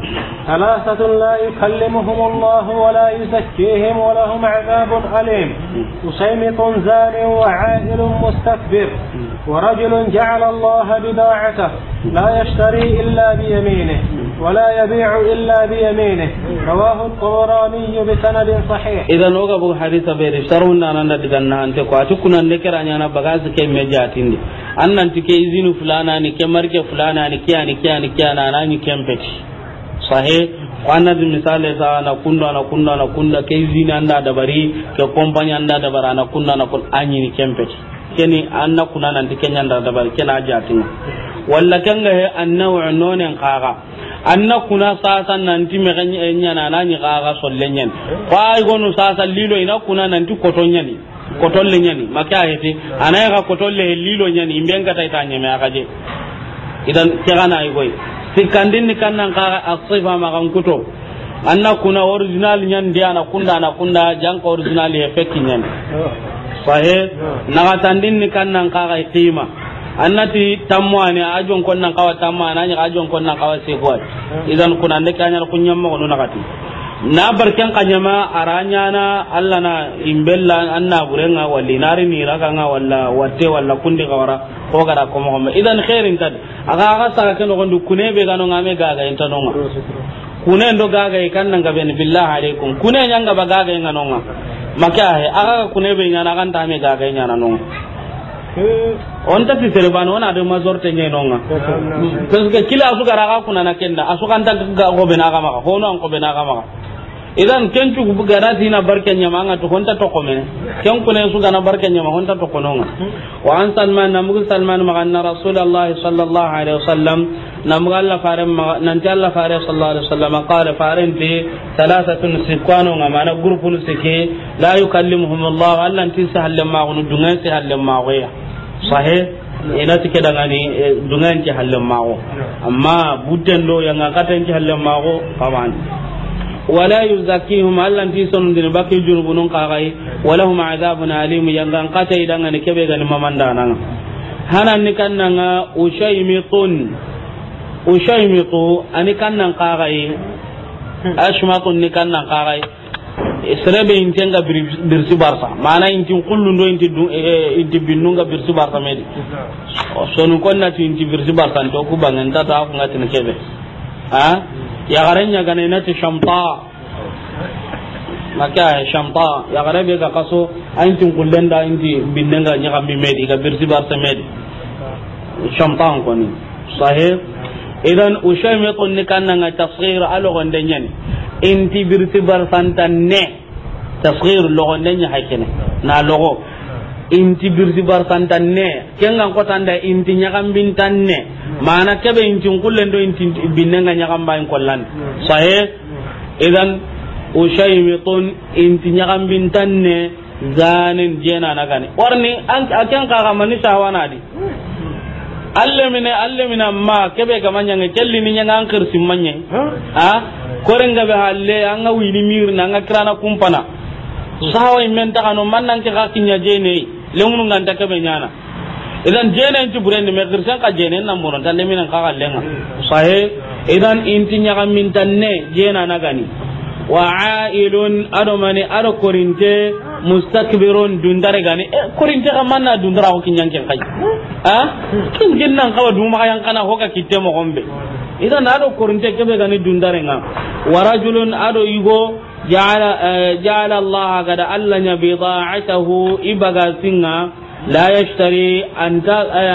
ثلاثة لا يكلمهم الله ولا يزكيهم ولهم عذاب أليم مسيمط زان وعائل مستكبر ورجل جعل الله بضاعته لا يشتري إلا بيمينه ولا يبيع إلا بيمينه رواه الطبراني بسند صحيح إذا نوقف بو حديث بير اشترون أنا ندقنا أنت كواتكنا نكر أنا بغاز كي مجاتين أن أنت كي إذن فلانا نكي مرك فلانا نكي نكي نكي أنا نكي مبتش صحيح kwana da misali sa na kunda na kunda na kunda kai zina anda dabari ke kompanya anda dabara na kunda na kun anyi ni kempeti keni anna kuna nan ti kenya da dabar kena jatin walla kanga he annaw nonen kaga anna kuna sasa nan ti me ganya eh, na nani kaga nyen kai gonu sasa lilo ina kuna nan ti kotonya ni kotolle nyani he ti anaya ka kotolle lilo nyani imbenga taitanye me akaje idan kegana ay goy sikkandin ni kannan kaga asifa kan kuto anna kuna original nyan dia na kunda na kunda janka original ye fekki sahe naga tandin ni kannan ka ga qima annati tamwa ne ajon kon nan kawa tamma nan ya ajon kon nan kawa sai ko idan kuna ne kanya kun yamma ko na kati na barkan kanyama aranya na Allah na imbella anna burenga walli nari ni raka nga walla watte walla kundi kawara ko gara ko mo idan khairin tad aga aga saka ken gondu kunebe gano ngame gaga intano nga kunen do gaga ikan nan gaben billahi alaikum kunen nyanga bagaga inganonga maka ahe aga kune be nyana kan tame ga ga nyana no on ta tisere ban ona de mazor te nyai nonga parce que kila asu gara ga kuna na kenda asu kan ta ga go be na ga maka hono an ko be na ga maka idan kencu ku gana na barkan nyama anga to honta to kome ken ku ne su gana barkan nyama honta to kononga wa an salman na mugu salman ma anna rasulullahi sallallahu alaihi wasallam na mugu alla fare ma nan ta alla fare sallallahu alaihi wasallam qala fare bi thalathatun sikwanu nga mana grupun sike la yukallimuhum allah alla tin sahalle ma gunu dungan sahalle ma waya sahih ina tike dangani e, dungan ci halle mago amma budden do yanga katan ci halle mago faman wala yuzakihum allan ti sonundini baki junubunun kaxay walahum adabun alim yangan kata idangani keɓe gani mamandananga hananni kannanga ushaymitun ushaymitu ani kannan kaxay ashmatun ni kannan kaxay serebe intenga birsi barsa mana intin kullundo inti inti binnunga birsi barsa medi sonu konnati inti birsi barsa nto ku bangentata akungati ni keɓe a yagare ñagana inati na maka champa yagare ɓe ga kaso antin kullenda inti binnenga ñagammi medi ga birsi barse medi champan koni sahe idan ushamiton ni kannanga tasgir a birsi ne na inti birsi tan ne tan kotanda inti bintan ne mana hmm. kebe intin kullen do inti binnenga ñagambayin kollan hmm. sahe hmm. idan ushaymitun inti bintan ne zanin jenanagani warni a ken kaxamani di. alle mine alle mina ma kebe ga ne kelli ni nyanga an kirsi manya ha koren ga be halle an ga ni mir na an ga kirana kumpana sawai men ta kanu man nan ke ga kinya jene lengunu nganta kebe nyana idan jenen ci burendi me kirsan ka jenen nan moron tan minan ka lenga sahe idan inti nyaga min ne jena gani. wa ailun ado ado korinte mustakbirun dundare gani e korinte ka manna dundara ko kinyan ken kai ha kin gin nan kawa ma yan kana ka kitte mo gombe idan ado korinte kebe gani dundare nga warajulun ado yugo جعل جعل الله قد ألن بضاعته إبغى سنة لا يشتري أن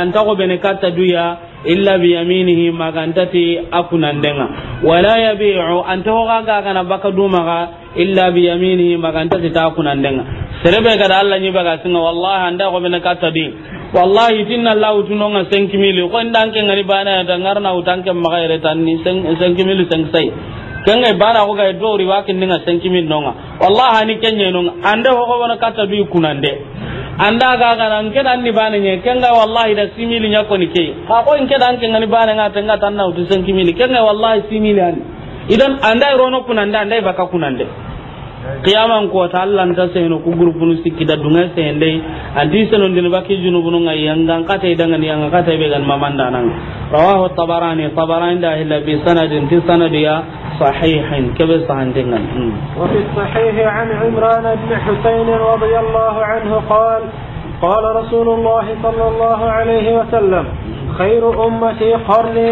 أن تقبل كتدويا إلا بيمينه ما كانتتي أكون عندنا ولا يبيع أن تهوغا كان بك دومغا إلا بيمينه ما كانتتي تأكون عندنا سربي قد ألن يبغى سنة والله أن تقبل كتدويا wallahi والله تنا الله senkimili سنكميلي وإن ngani bana da ngarna utanke سنكميلي سنكسي kenga bana ko ga do ri wakin ninga sanki min nonga wallahi ni kenye nonga ande ho ko wona kata bi kunande anda ga ga nan ke dan ni bana nye kenga wallahi da simili nya ko ni ke ha ko in ke dan kenga ni bana nga tanga tanna utu sanki mili kenga wallahi simili an idan anda no kunande anda baka kunande qiyaman ko ta Allah ta sai no ku grupu sikki da dunga sai ndai anti sanon din baki junubu nu ngai yang gang kata dengan yang kata be gan mamanda nan rawahu tabarani tabarani da illa bi sanadin ti sanadiya sahihin kabe sahan nan wa fi sahihi an umran ibn husain radiyallahu anhu qala qala rasulullah sallallahu alaihi wasallam khairu ummati qarni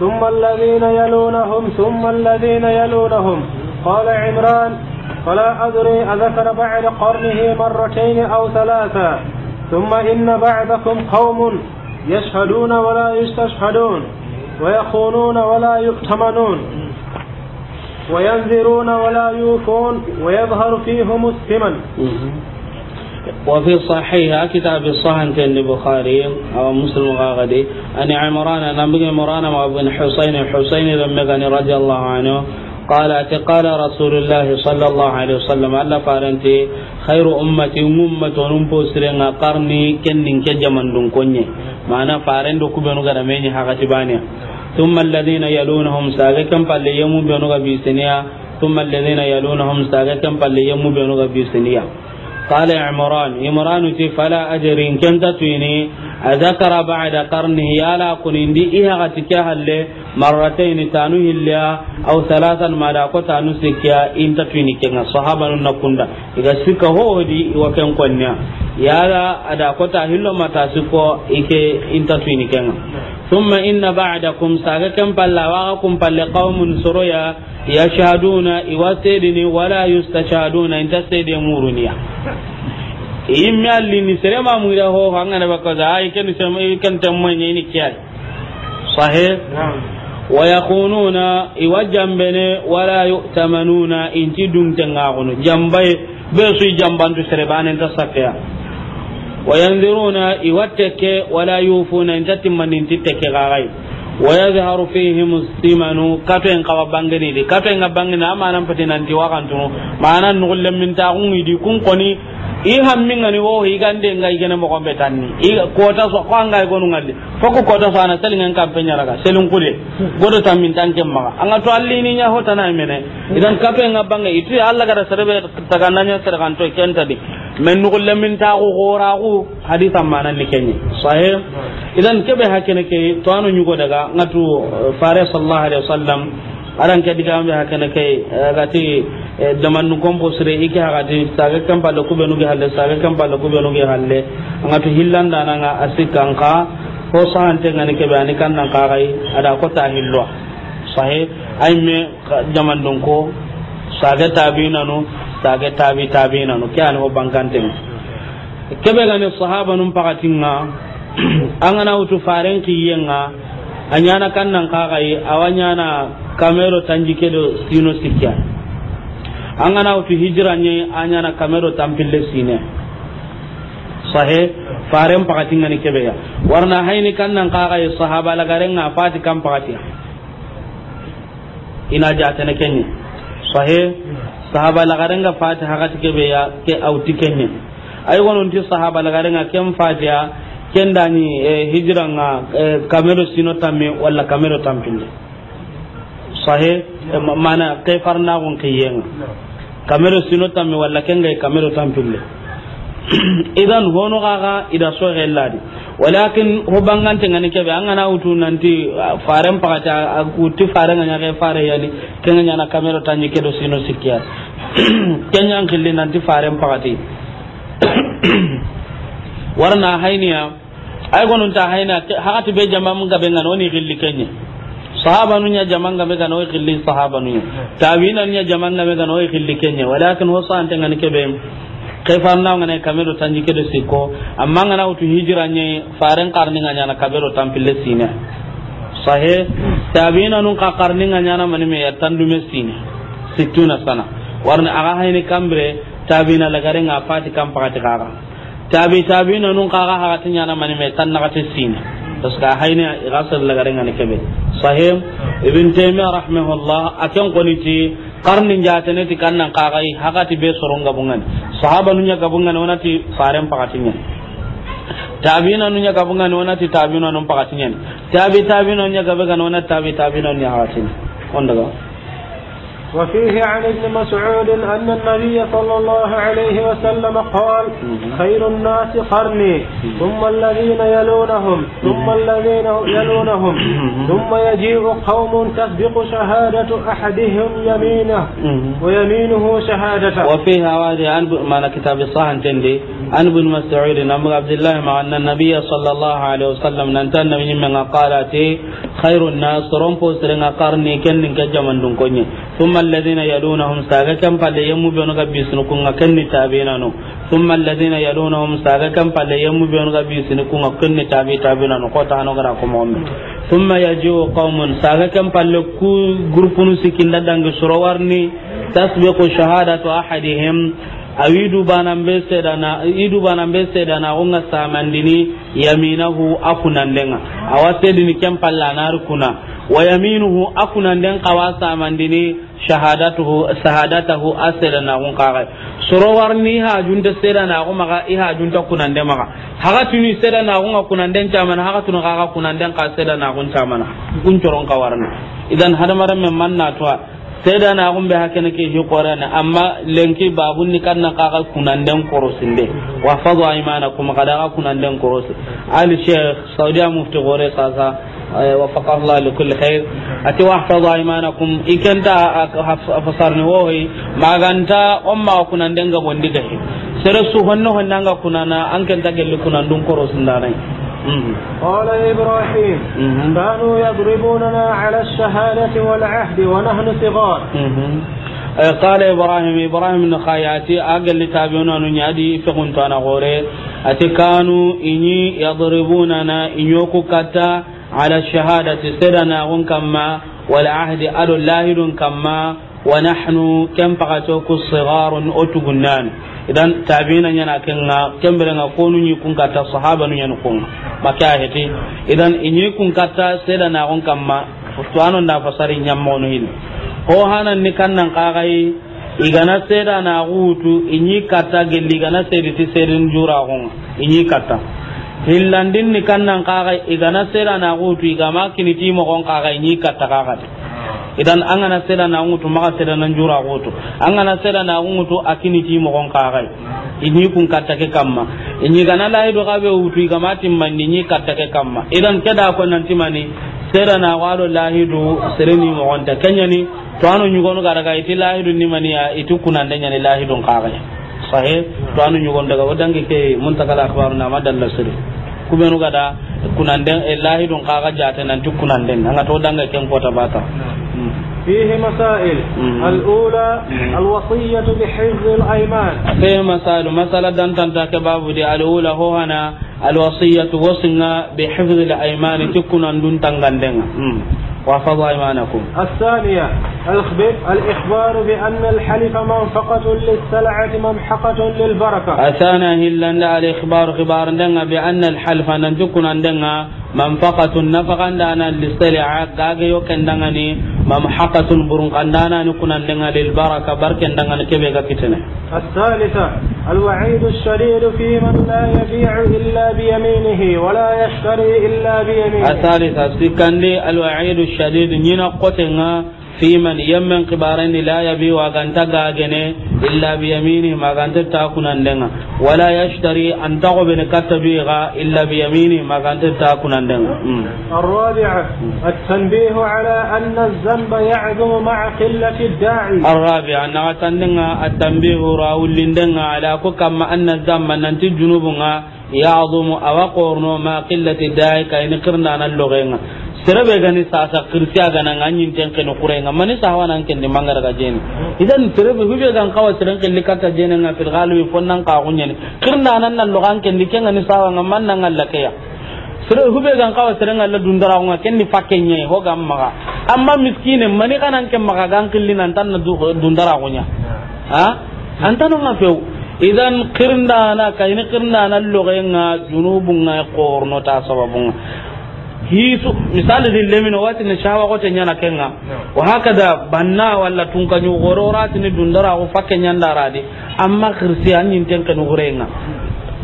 ثم الذين يلونهم ثم الذين يلونهم قال عمران فلا أدري أذكر بعد قرنه مرتين أو ثلاثا ثم إن بعدكم قوم يشهدون ولا يستشهدون ويخونون ولا يؤتمنون وينذرون ولا يوفون ويظهر فيهم السمن وفي صحيح كتاب الصحن البخاري أو مسلم غاغدي أن عمران بن عمران وابن حسين حسين لم رضي الله عنه قال قال رسول الله صلى الله عليه وسلم الله فارنت خير أمتي أمة نمبو سرين قرني كنن كجمن دون كوني معنى فارندو كبنو غرميني حقتبانيا ثم الذين يلونهم ساغكم فليمو بنو غبيسنيا ثم الذين يلونهم ساغكم فليمو بنو غبيسنيا قال عمران عمران فلا أجر كنت تويني ذكر بعد قرنه يا لا يالا دي إيها غتكيها اللي مرتين تانوه اللي أو ثلاثا ما لا قطع سكيا إن تتويني كنا صحابة نكوندا إذا سكا هو دي وكين يا لا أدا قطع هلو ما تاسكو إيكي إن تتويني كنا ثم إن بعدكم ساقا كم فلا واغكم فلا قوم سرويا يشهدون إواتيدني ولا يستشهدون إن سيدي مورنيا yimme alli ni serema muira ho hanga hangana bakaza ay ken serema ken tamma ni ni kiyai sahih wa yakununa bene wala yu'tamanuna inti dum gono jambay be su jambantu serebane ta safiya wa yanziruna iwattake wala yufuna intatimman inti take gagai ويظهر فيهم الثمن كاتوين قوا بانغني دي كاتوين بانغني اما نان فتي نان تي واكان تونو ما نان نغول من تاغون دي كون كوني i hammingani wo higande ngai gene mogon be tanni i kota so ko ngai gonu ngalli foko kota so ana selingen kampe nyaraga selin kude godo tammin tanke maga anga to alli ni nya hota na idan kape nga bangai itu alla gara serbe tagananya serganto kenta di men nugul lemin ta manan ne kenye idan kebe hakene ke to anu nyugo daga ngatu eh, fare sallallahu alaihi wasallam aran ke diga ambe hakene ke eh, gati eh, daman nu sire ike hakati kamba kube halle kamba kube halle ngatu asikan ka ko ngani ani ka gai ada ko ta sage tabi tabi na no kyan ho bankanten kebe ga ne sahaba num pakatinga angana utu faren ki yenga anyana kai awanya na kamero tanjike do sino sikya angana utu hijira nye anyana kamero tampille sine sahe faren pakatinga ni kebe ya warna haini ka kai sahaba na fati kan pakatia ina jatene kenye sahe sahaba lagarenga fati hakati kebe ya ke auti kenye ay ti sahaba lagarenga ken fatiha ken dani eh, hijranga eh, kamero sino tamme wala kamero tampinde sahe eh, mana ke farna gon kiyen kamero sino tamme wala ken ga kamero tampinde idan hono gaga ida so geladi walakin hobangan tengani kebe an gana utu nanti ah, faren pakata a kuti faren ganya kai fare yani kenga nyana kamero tanyi kedo sino sikia kenya nkili nanti faren pakati warna ya ay gonun ta haina hakati be jama mun gabe ngano ni gilli kenye sahaba nun ya jama ngabe ngano o gilli sahaba nun hmm. tawina nun jama ngabe ngano o gilli kenye walakin wasa antenga ni kebe kai famna ngane kamero tanji kedo siko amma ngana utu hijira nye faren karni nganya na kabero tampile sine sahe tabina nun ka karni nganya na manime ya tandume sine situna sana warna aga hayni kambre tabina lagare nga fati kam pakati kara tabi tabina nun ka ga hagati nya na manime tan na kati sine daska hayni gasal lagare ngane kebe sahe ibn taymiyyah rahimahullah akan qoniti karni jatene ti kannan kakai hakati be soron gabungan sahaba nunya gabungan onati faren pakatinya tabina nunya gabungan onati tabina nun pakatinya tabi tabina nunya gabungan onati tabi tabina nunya hakatin on daga وفيه عن ابن مسعود أن النبي صلى الله عليه وسلم قال خير الناس قرني ثم الذين يلونهم ثم الذين يلونهم ثم يجيء قوم تسبق شهادة أحدهم يمينه ويمينه شهادته وفيه هذه عن معنى كتاب الصحن تندي عن ابن مسعود أمر عبد الله مع أن النبي صلى الله عليه وسلم ننتن من من قالت خير الناس رمبو سرنا قرني كن كجمن ثم alladhina yalunahum saga kam palle yemu bionu ga bisnu kun ga kenni tabina no thumma alladhina yalunahum saga kam palle yemu bionu ga bisnu kun ga kenni tabi tabina no ko tano gara ko mombe thumma yaji'u qaumun saga kam palle ku nu sikinda dangi suro warni tasbiqu shahadatu ahadihim awidu banan be sedana idu banan be sedana onga samandini yaminahu afunandenga awatedini kam palla nar wa yaminuhu akunan den qawa samandini shahadatuhu shahadatahu asala na kun qara soro warni ha junta seda na kun maga iha junta kunan den maga haga tuni seda na kun kunan den chamana haga tuni gaga kunan den ka seda na kun chamana kun coron qawarna idan hadamaran men manna to seda na kun be hakene ke shi qorana amma lenki babun ni kanna kaga kunan den korosinde wa fadu aymanakum kada kunan den korosi Ali sheikh saudiya mufti gore sasa وفقه الله لكل خير أتي واحفظ أيمانكم إن كنت فصرني وهي ما كنت أما كنا ندنغ بندقه سرسو هنو هننغ كنا أن كنت قل كنا ندنكرو سنداني قال إبراهيم كانوا يضربوننا على الشهادة والعهد ونحن صغار قال ابراهيم ابراهيم خياتي اقل تابعونا نيادي فقنت انا غوري اتي كانوا اني يضربوننا انيوكو كتا على الشهادة سرنا غن كما والعهد أدو الله دون كما ونحن كم فقطوك الصغار أتبنان إذن تابعين ينا كنا كم بلنا كونو يكون كتا صحابة ينقون مكاهتي إذن إن يكون كتا سرنا غن كما فتوانا نفسر ينمون هنا هو هانا نكنا نقاغي igana seda na gutu inyi kata gelli igana sedi ti sedin jura gonga inyi kata hillandin ni kannan kaga igana sera na gutu igama kini ti mo kon kaga ni katta idan an gana sera na gutu maka sera na jura gutu an gana sera na gutu akini ti mo kon kaga ini kun katta ke kamma ini gana lahi do gabe utu igama timmani ni katta ke kamma idan keda ko nan timani sera na walo lahi do sereni mo kon ta kanyani to anu nyugo no garaga iti lahi do ni mani ya itu kunan ni lahi do kaga sahe to anu nyugon daga wadangi ke muntakala akhbaru na madalla sirri kubenu gada kunande illahi eh, dun kaga jate nan duk kunanden anga to danga ken kota bata فيه مسائل الأولى الوصية بحفظ الأيمان فيه مسائل مسألة دان تنتاك باب دي الأولى هو أنا الوصية وصنا بحفظ الأيمان تكون أندون تنغندنا وحفظ as-saniyah الخبر الإخبار بأن الحلف منفقة للسلعة ممحقة للبركة أثانا هلا الإخبار خبار دنا بأن الحلف أن تكون دنا منفقة نفقا دانا للسلعة قاقي يوكن دناني ممحقة برنقا دانا نكون دنا للبركة بركن دنا كبيرة كتنة الثالثة الوعيد الشديد في من لا يبيع إلا بيمينه ولا يشتري إلا بيمينه الثالثة سكندي الوعيد الشديد نينا قتنا fi man yamman kibaran la yabi wa ganta gagene illa bi yamini ma ganta ta kunan denga wala yashtari an tago bin ga illa bi yamini ma ganta ta kunan denga الرابعة التنبيه على أن ala يعظم مع قلة الداعي الرابعة نغتنغا التنبيه راول لندنغا على كما أن الذنب ننتي جنوبنا serebe gani sasa kirsiya gana nga nyin tenke no kure nga mani sawa nan kende mangara ga jeni idan serebe huje gan kawa tiran kelli likata jeni nga fil galibi nan ka gunya ne kirna nan nan lokan kende kenga ni sa nga man nan alla kaya serebe huje gan kawa tiran alla dundara nga kenni fakenye ho gam maga amma miskine mani kanan ken maka gan kelli nan tan dara gunya ha tanu ma feu idan kirna na kayni kirna nan lokan nga junubun nga korno ta sababun hisu misali dille min wati ne shawa ko tanya na kenga wa haka da banna walla tun kan yu gororati ne dundara ko fakke nyanda radi amma khirsi an yin tan kan hurenga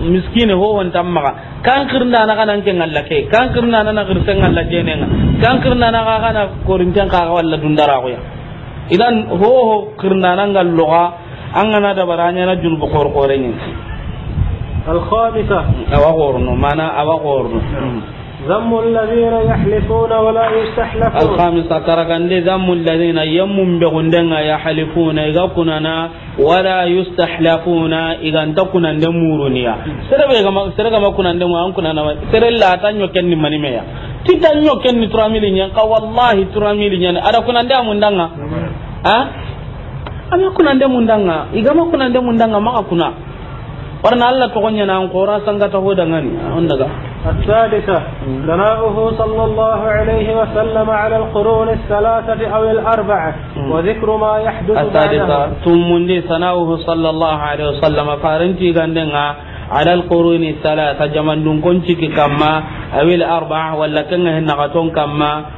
miskine ho won tamma kan kirna na kanan ken Allah ke kan kirna na na khirsen Allah jenenga kan kirna na ka kana korintan ka walla dundara ko ya idan ho ho kirna na ngal loga an gana da baranya na junbu korkoren yin al khamisa awa gorno mana awa gorno ذم الذين يحلفون ولا يستحلفون الخامس أكركن ذم الذين يمم بغندن يحلفون إذا كنا ولا يستحلفون إذا أنت كنا نمورنيا سرقة ما كنا نمور أن كنا نمور سرقة لا تنيو كن من ميا تتنيو كن تراميلي نيانكا والله تراميلي نيان أدا كنا نموندنا ها ama kuna nde mundanga igama kuna nde mundanga maka kuna warna Allah to gonya na an qora sangata ho dangani on daga الثالثة ثناؤه صلى الله عليه وسلم على القرون الثلاثة أو الأربعة وذكر ما يحدث الثالثة ثم ثناؤه صلى الله عليه وسلم فارنتي غندنا على القرون الثلاثة جمان دون كما أو الأربعة ولا كنهن غتون كما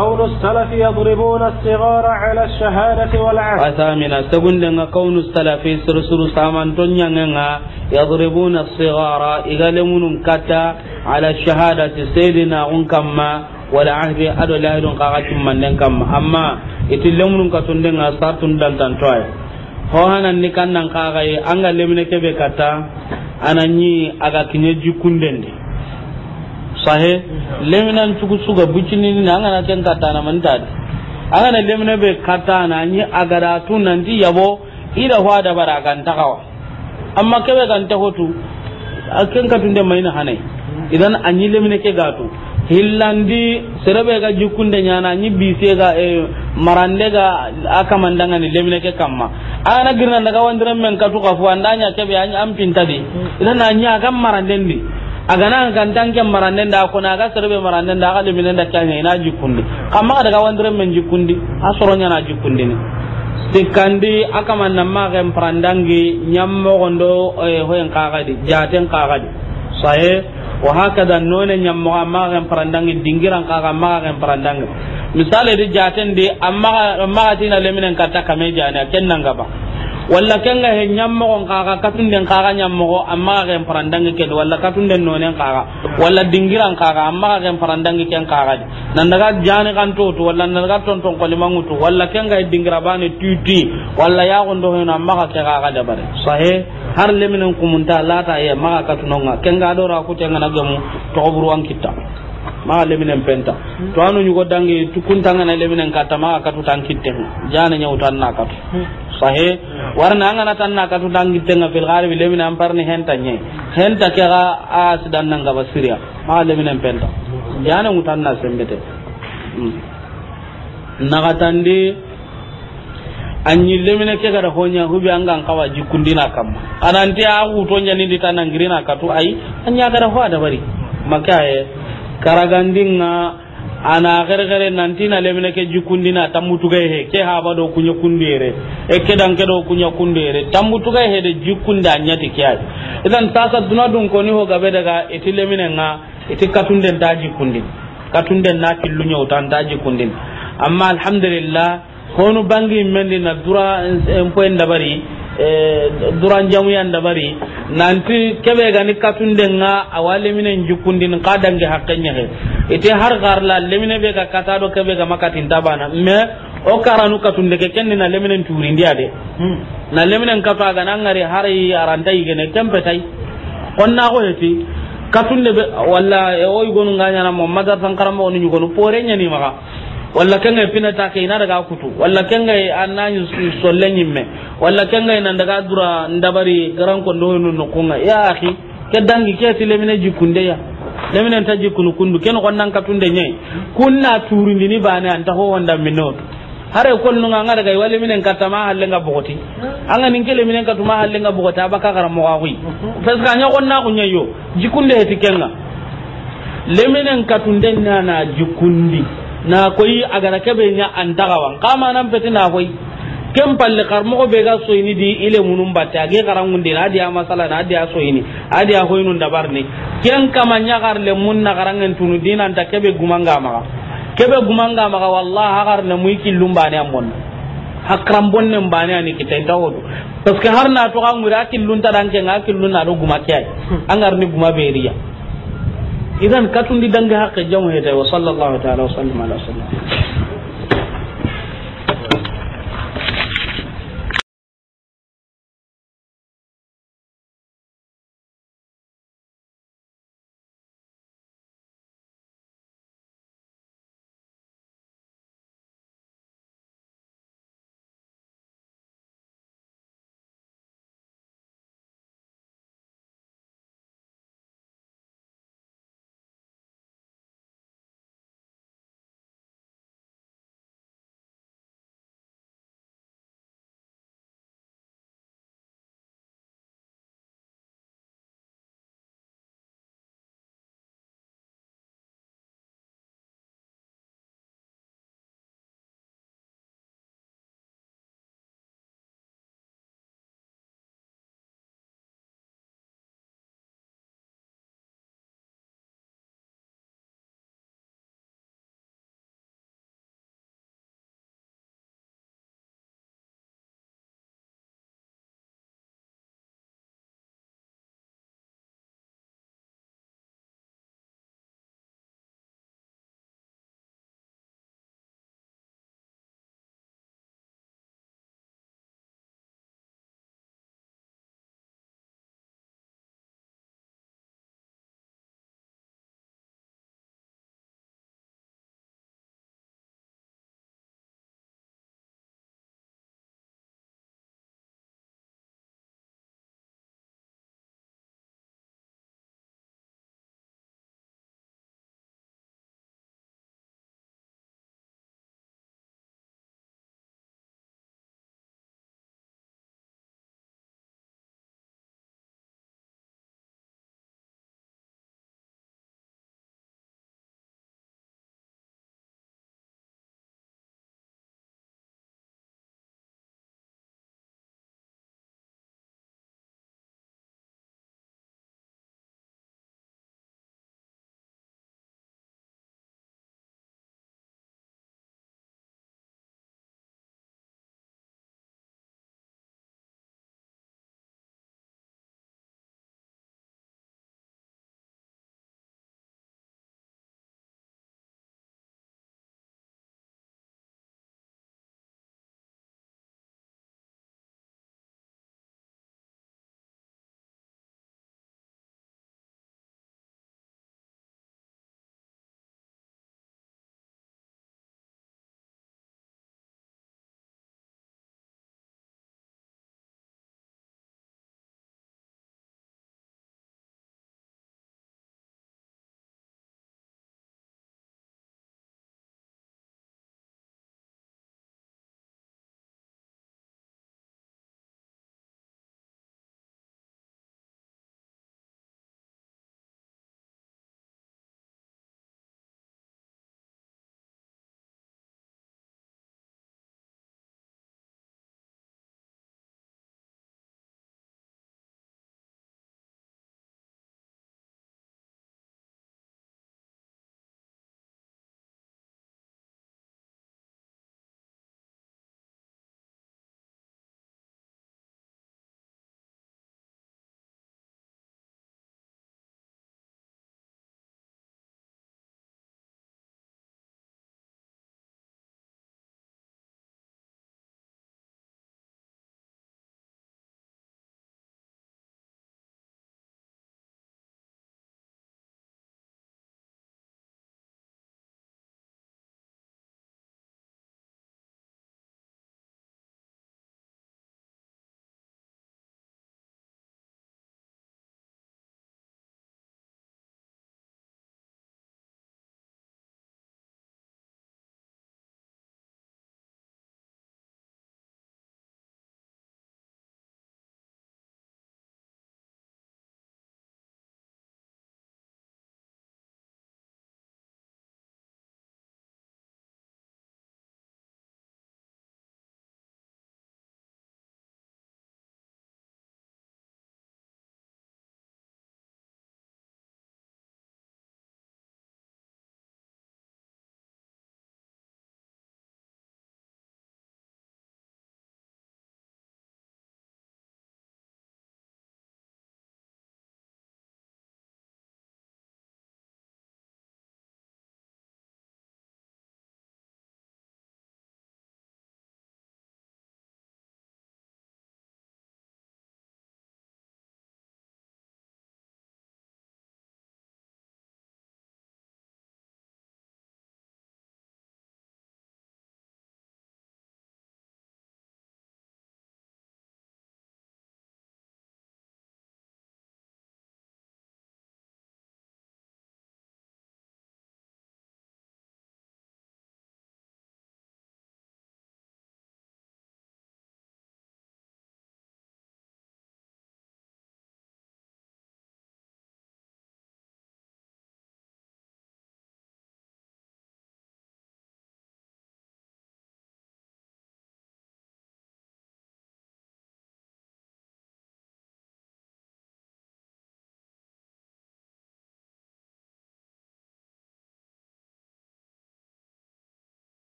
كون السلف يضربون الصغار على الشهادة والعهد أثامنا سبندنا كون السلف سرسر سامان تنيننا يضربون الصغار إغلمون كتا على الشهادة سيدنا كما ولا عهد أدو لا يدون قاقاتم من كما أما إتلمون كتندنا سارتن دلتان توي ho hanan ni kannan kaagaye an ga lemine kebe kata ananyi aga kinye jikundende sahe leminan cugu suga bucini ni an kana ken katana man ta an lemina be katana ni agara tun nan ti yabo ida hwa da bara kan takawa amma kebe kan ta hotu akan katun da maina hanai idan anyi lemina ke gato hillandi serebe ga jukunde nyana ni bise ga e, marande ga aka mandanga ni lemina ke kamma ana girna daga wandiran men katu kafu andanya kebe an pinta de idan anya kan marande ni agana gandan ke maranden da ko naga serbe maranden da kali minen da kanya ina jikundi kamma daga wandire men jikundi asoro nya na jikundi ne. sikandi aka man namma ga parandangi nyammo gondo e hoyen kagadi jaten kagadi sahe wa hakada none nyammo amma ga parandangi dingiran kaga amma ga parandangi misale di jaten di amma amma tina leminen kata kame jana kennan gaba walla kenga he katun den katunden nyammo ko amma ga gen parandangi katun den no nonen kaga walla dingiran kaga amma ga parandang ke ken kaka di nan daga jani kan to to walla nan daga ton ton kolima ngutu walla kenga he dingira bani titi walla ya gondo he na amma ga kaka da bare sahe har leminen kumunta lata ye maga katunonga kenga dora kutenga na gamu to buru an kitta ma leminen penta hmm. to anu nyugo dangi tukuntanga na leminen kata ma katu tankitten jana nyau tan na katu hmm. sahe warna anga na tan na katu tankitten na fil gharib leminen parni henta nye henta ke ga as dan nan ga basiria ma leminen penta jana mutan na sembete hmm. nagatandi anyi lemine ke gara honya hubi angan kawa jikundina kamma ananti a hutonya nindi tanangirina katu ai anya gara ho da bari makaye na ana gergere na lemine ke na jikundina ga he ke ha do kunya kundere e ke do kunya kundere ga he de jikundi a ñati kya idan idan sa duna dun ni ho gabe daga iti lemine nga iti katunden ta jikundin katunden na killu ñewtan ta jikundi amma alhamdulillah honu bangi men na dura en eh, poen dabari E, da dabari nanti kebe gani katundenga awa leminen jukundin ka dange hakkenyahe ite har garla lemine be ga kata do kebe ga makatinta bana me o karanu katundeke kenni na turi turindiya de hmm. na lemine kafa ga nan ngari har yi ne tempe tai onna ko heti katunde be walla e, oy gonu nganya na mo madar tan karamo ni gonu pore ni maka walla kenga pina ta kai na daga kutu walla kenga anna yusu sollen yimme walla kenga nan daga dura ndabari garan ko no no kunga ya akhi ke dangi ke tile mine jikunde ya mine ta jikunu kundu ken ko nan tunde nyai kunna turindi ni bane anta ho wanda mino hare ko nunga daga ga mine ka katama halle nga bogoti anga nin mine ka katuma halle nga bogoti abaka mo ga hui feska nya ko na nyai yo jikunde mine ka tunde na na jikundi na koyi agara kebe nya andagawan kama nan peti na koyi ken palle mo be ga ini di ile munum batte age karangunde na dia masala na dia soyini adia dabar ne. ken kama gar le mun na karangen tunu dinan ta kebe gumanga ma kebe gumanga ma wallahi gar na muiki ne amon hakram bonne mbane ani kita tawodo parce que har na to ga ngura kilun ta dan ken akilun na do an hmm. angar ni guma beriya idan katundi dange haqqe jamu hete wa sallallahu ta'ala wa sallam ala sallam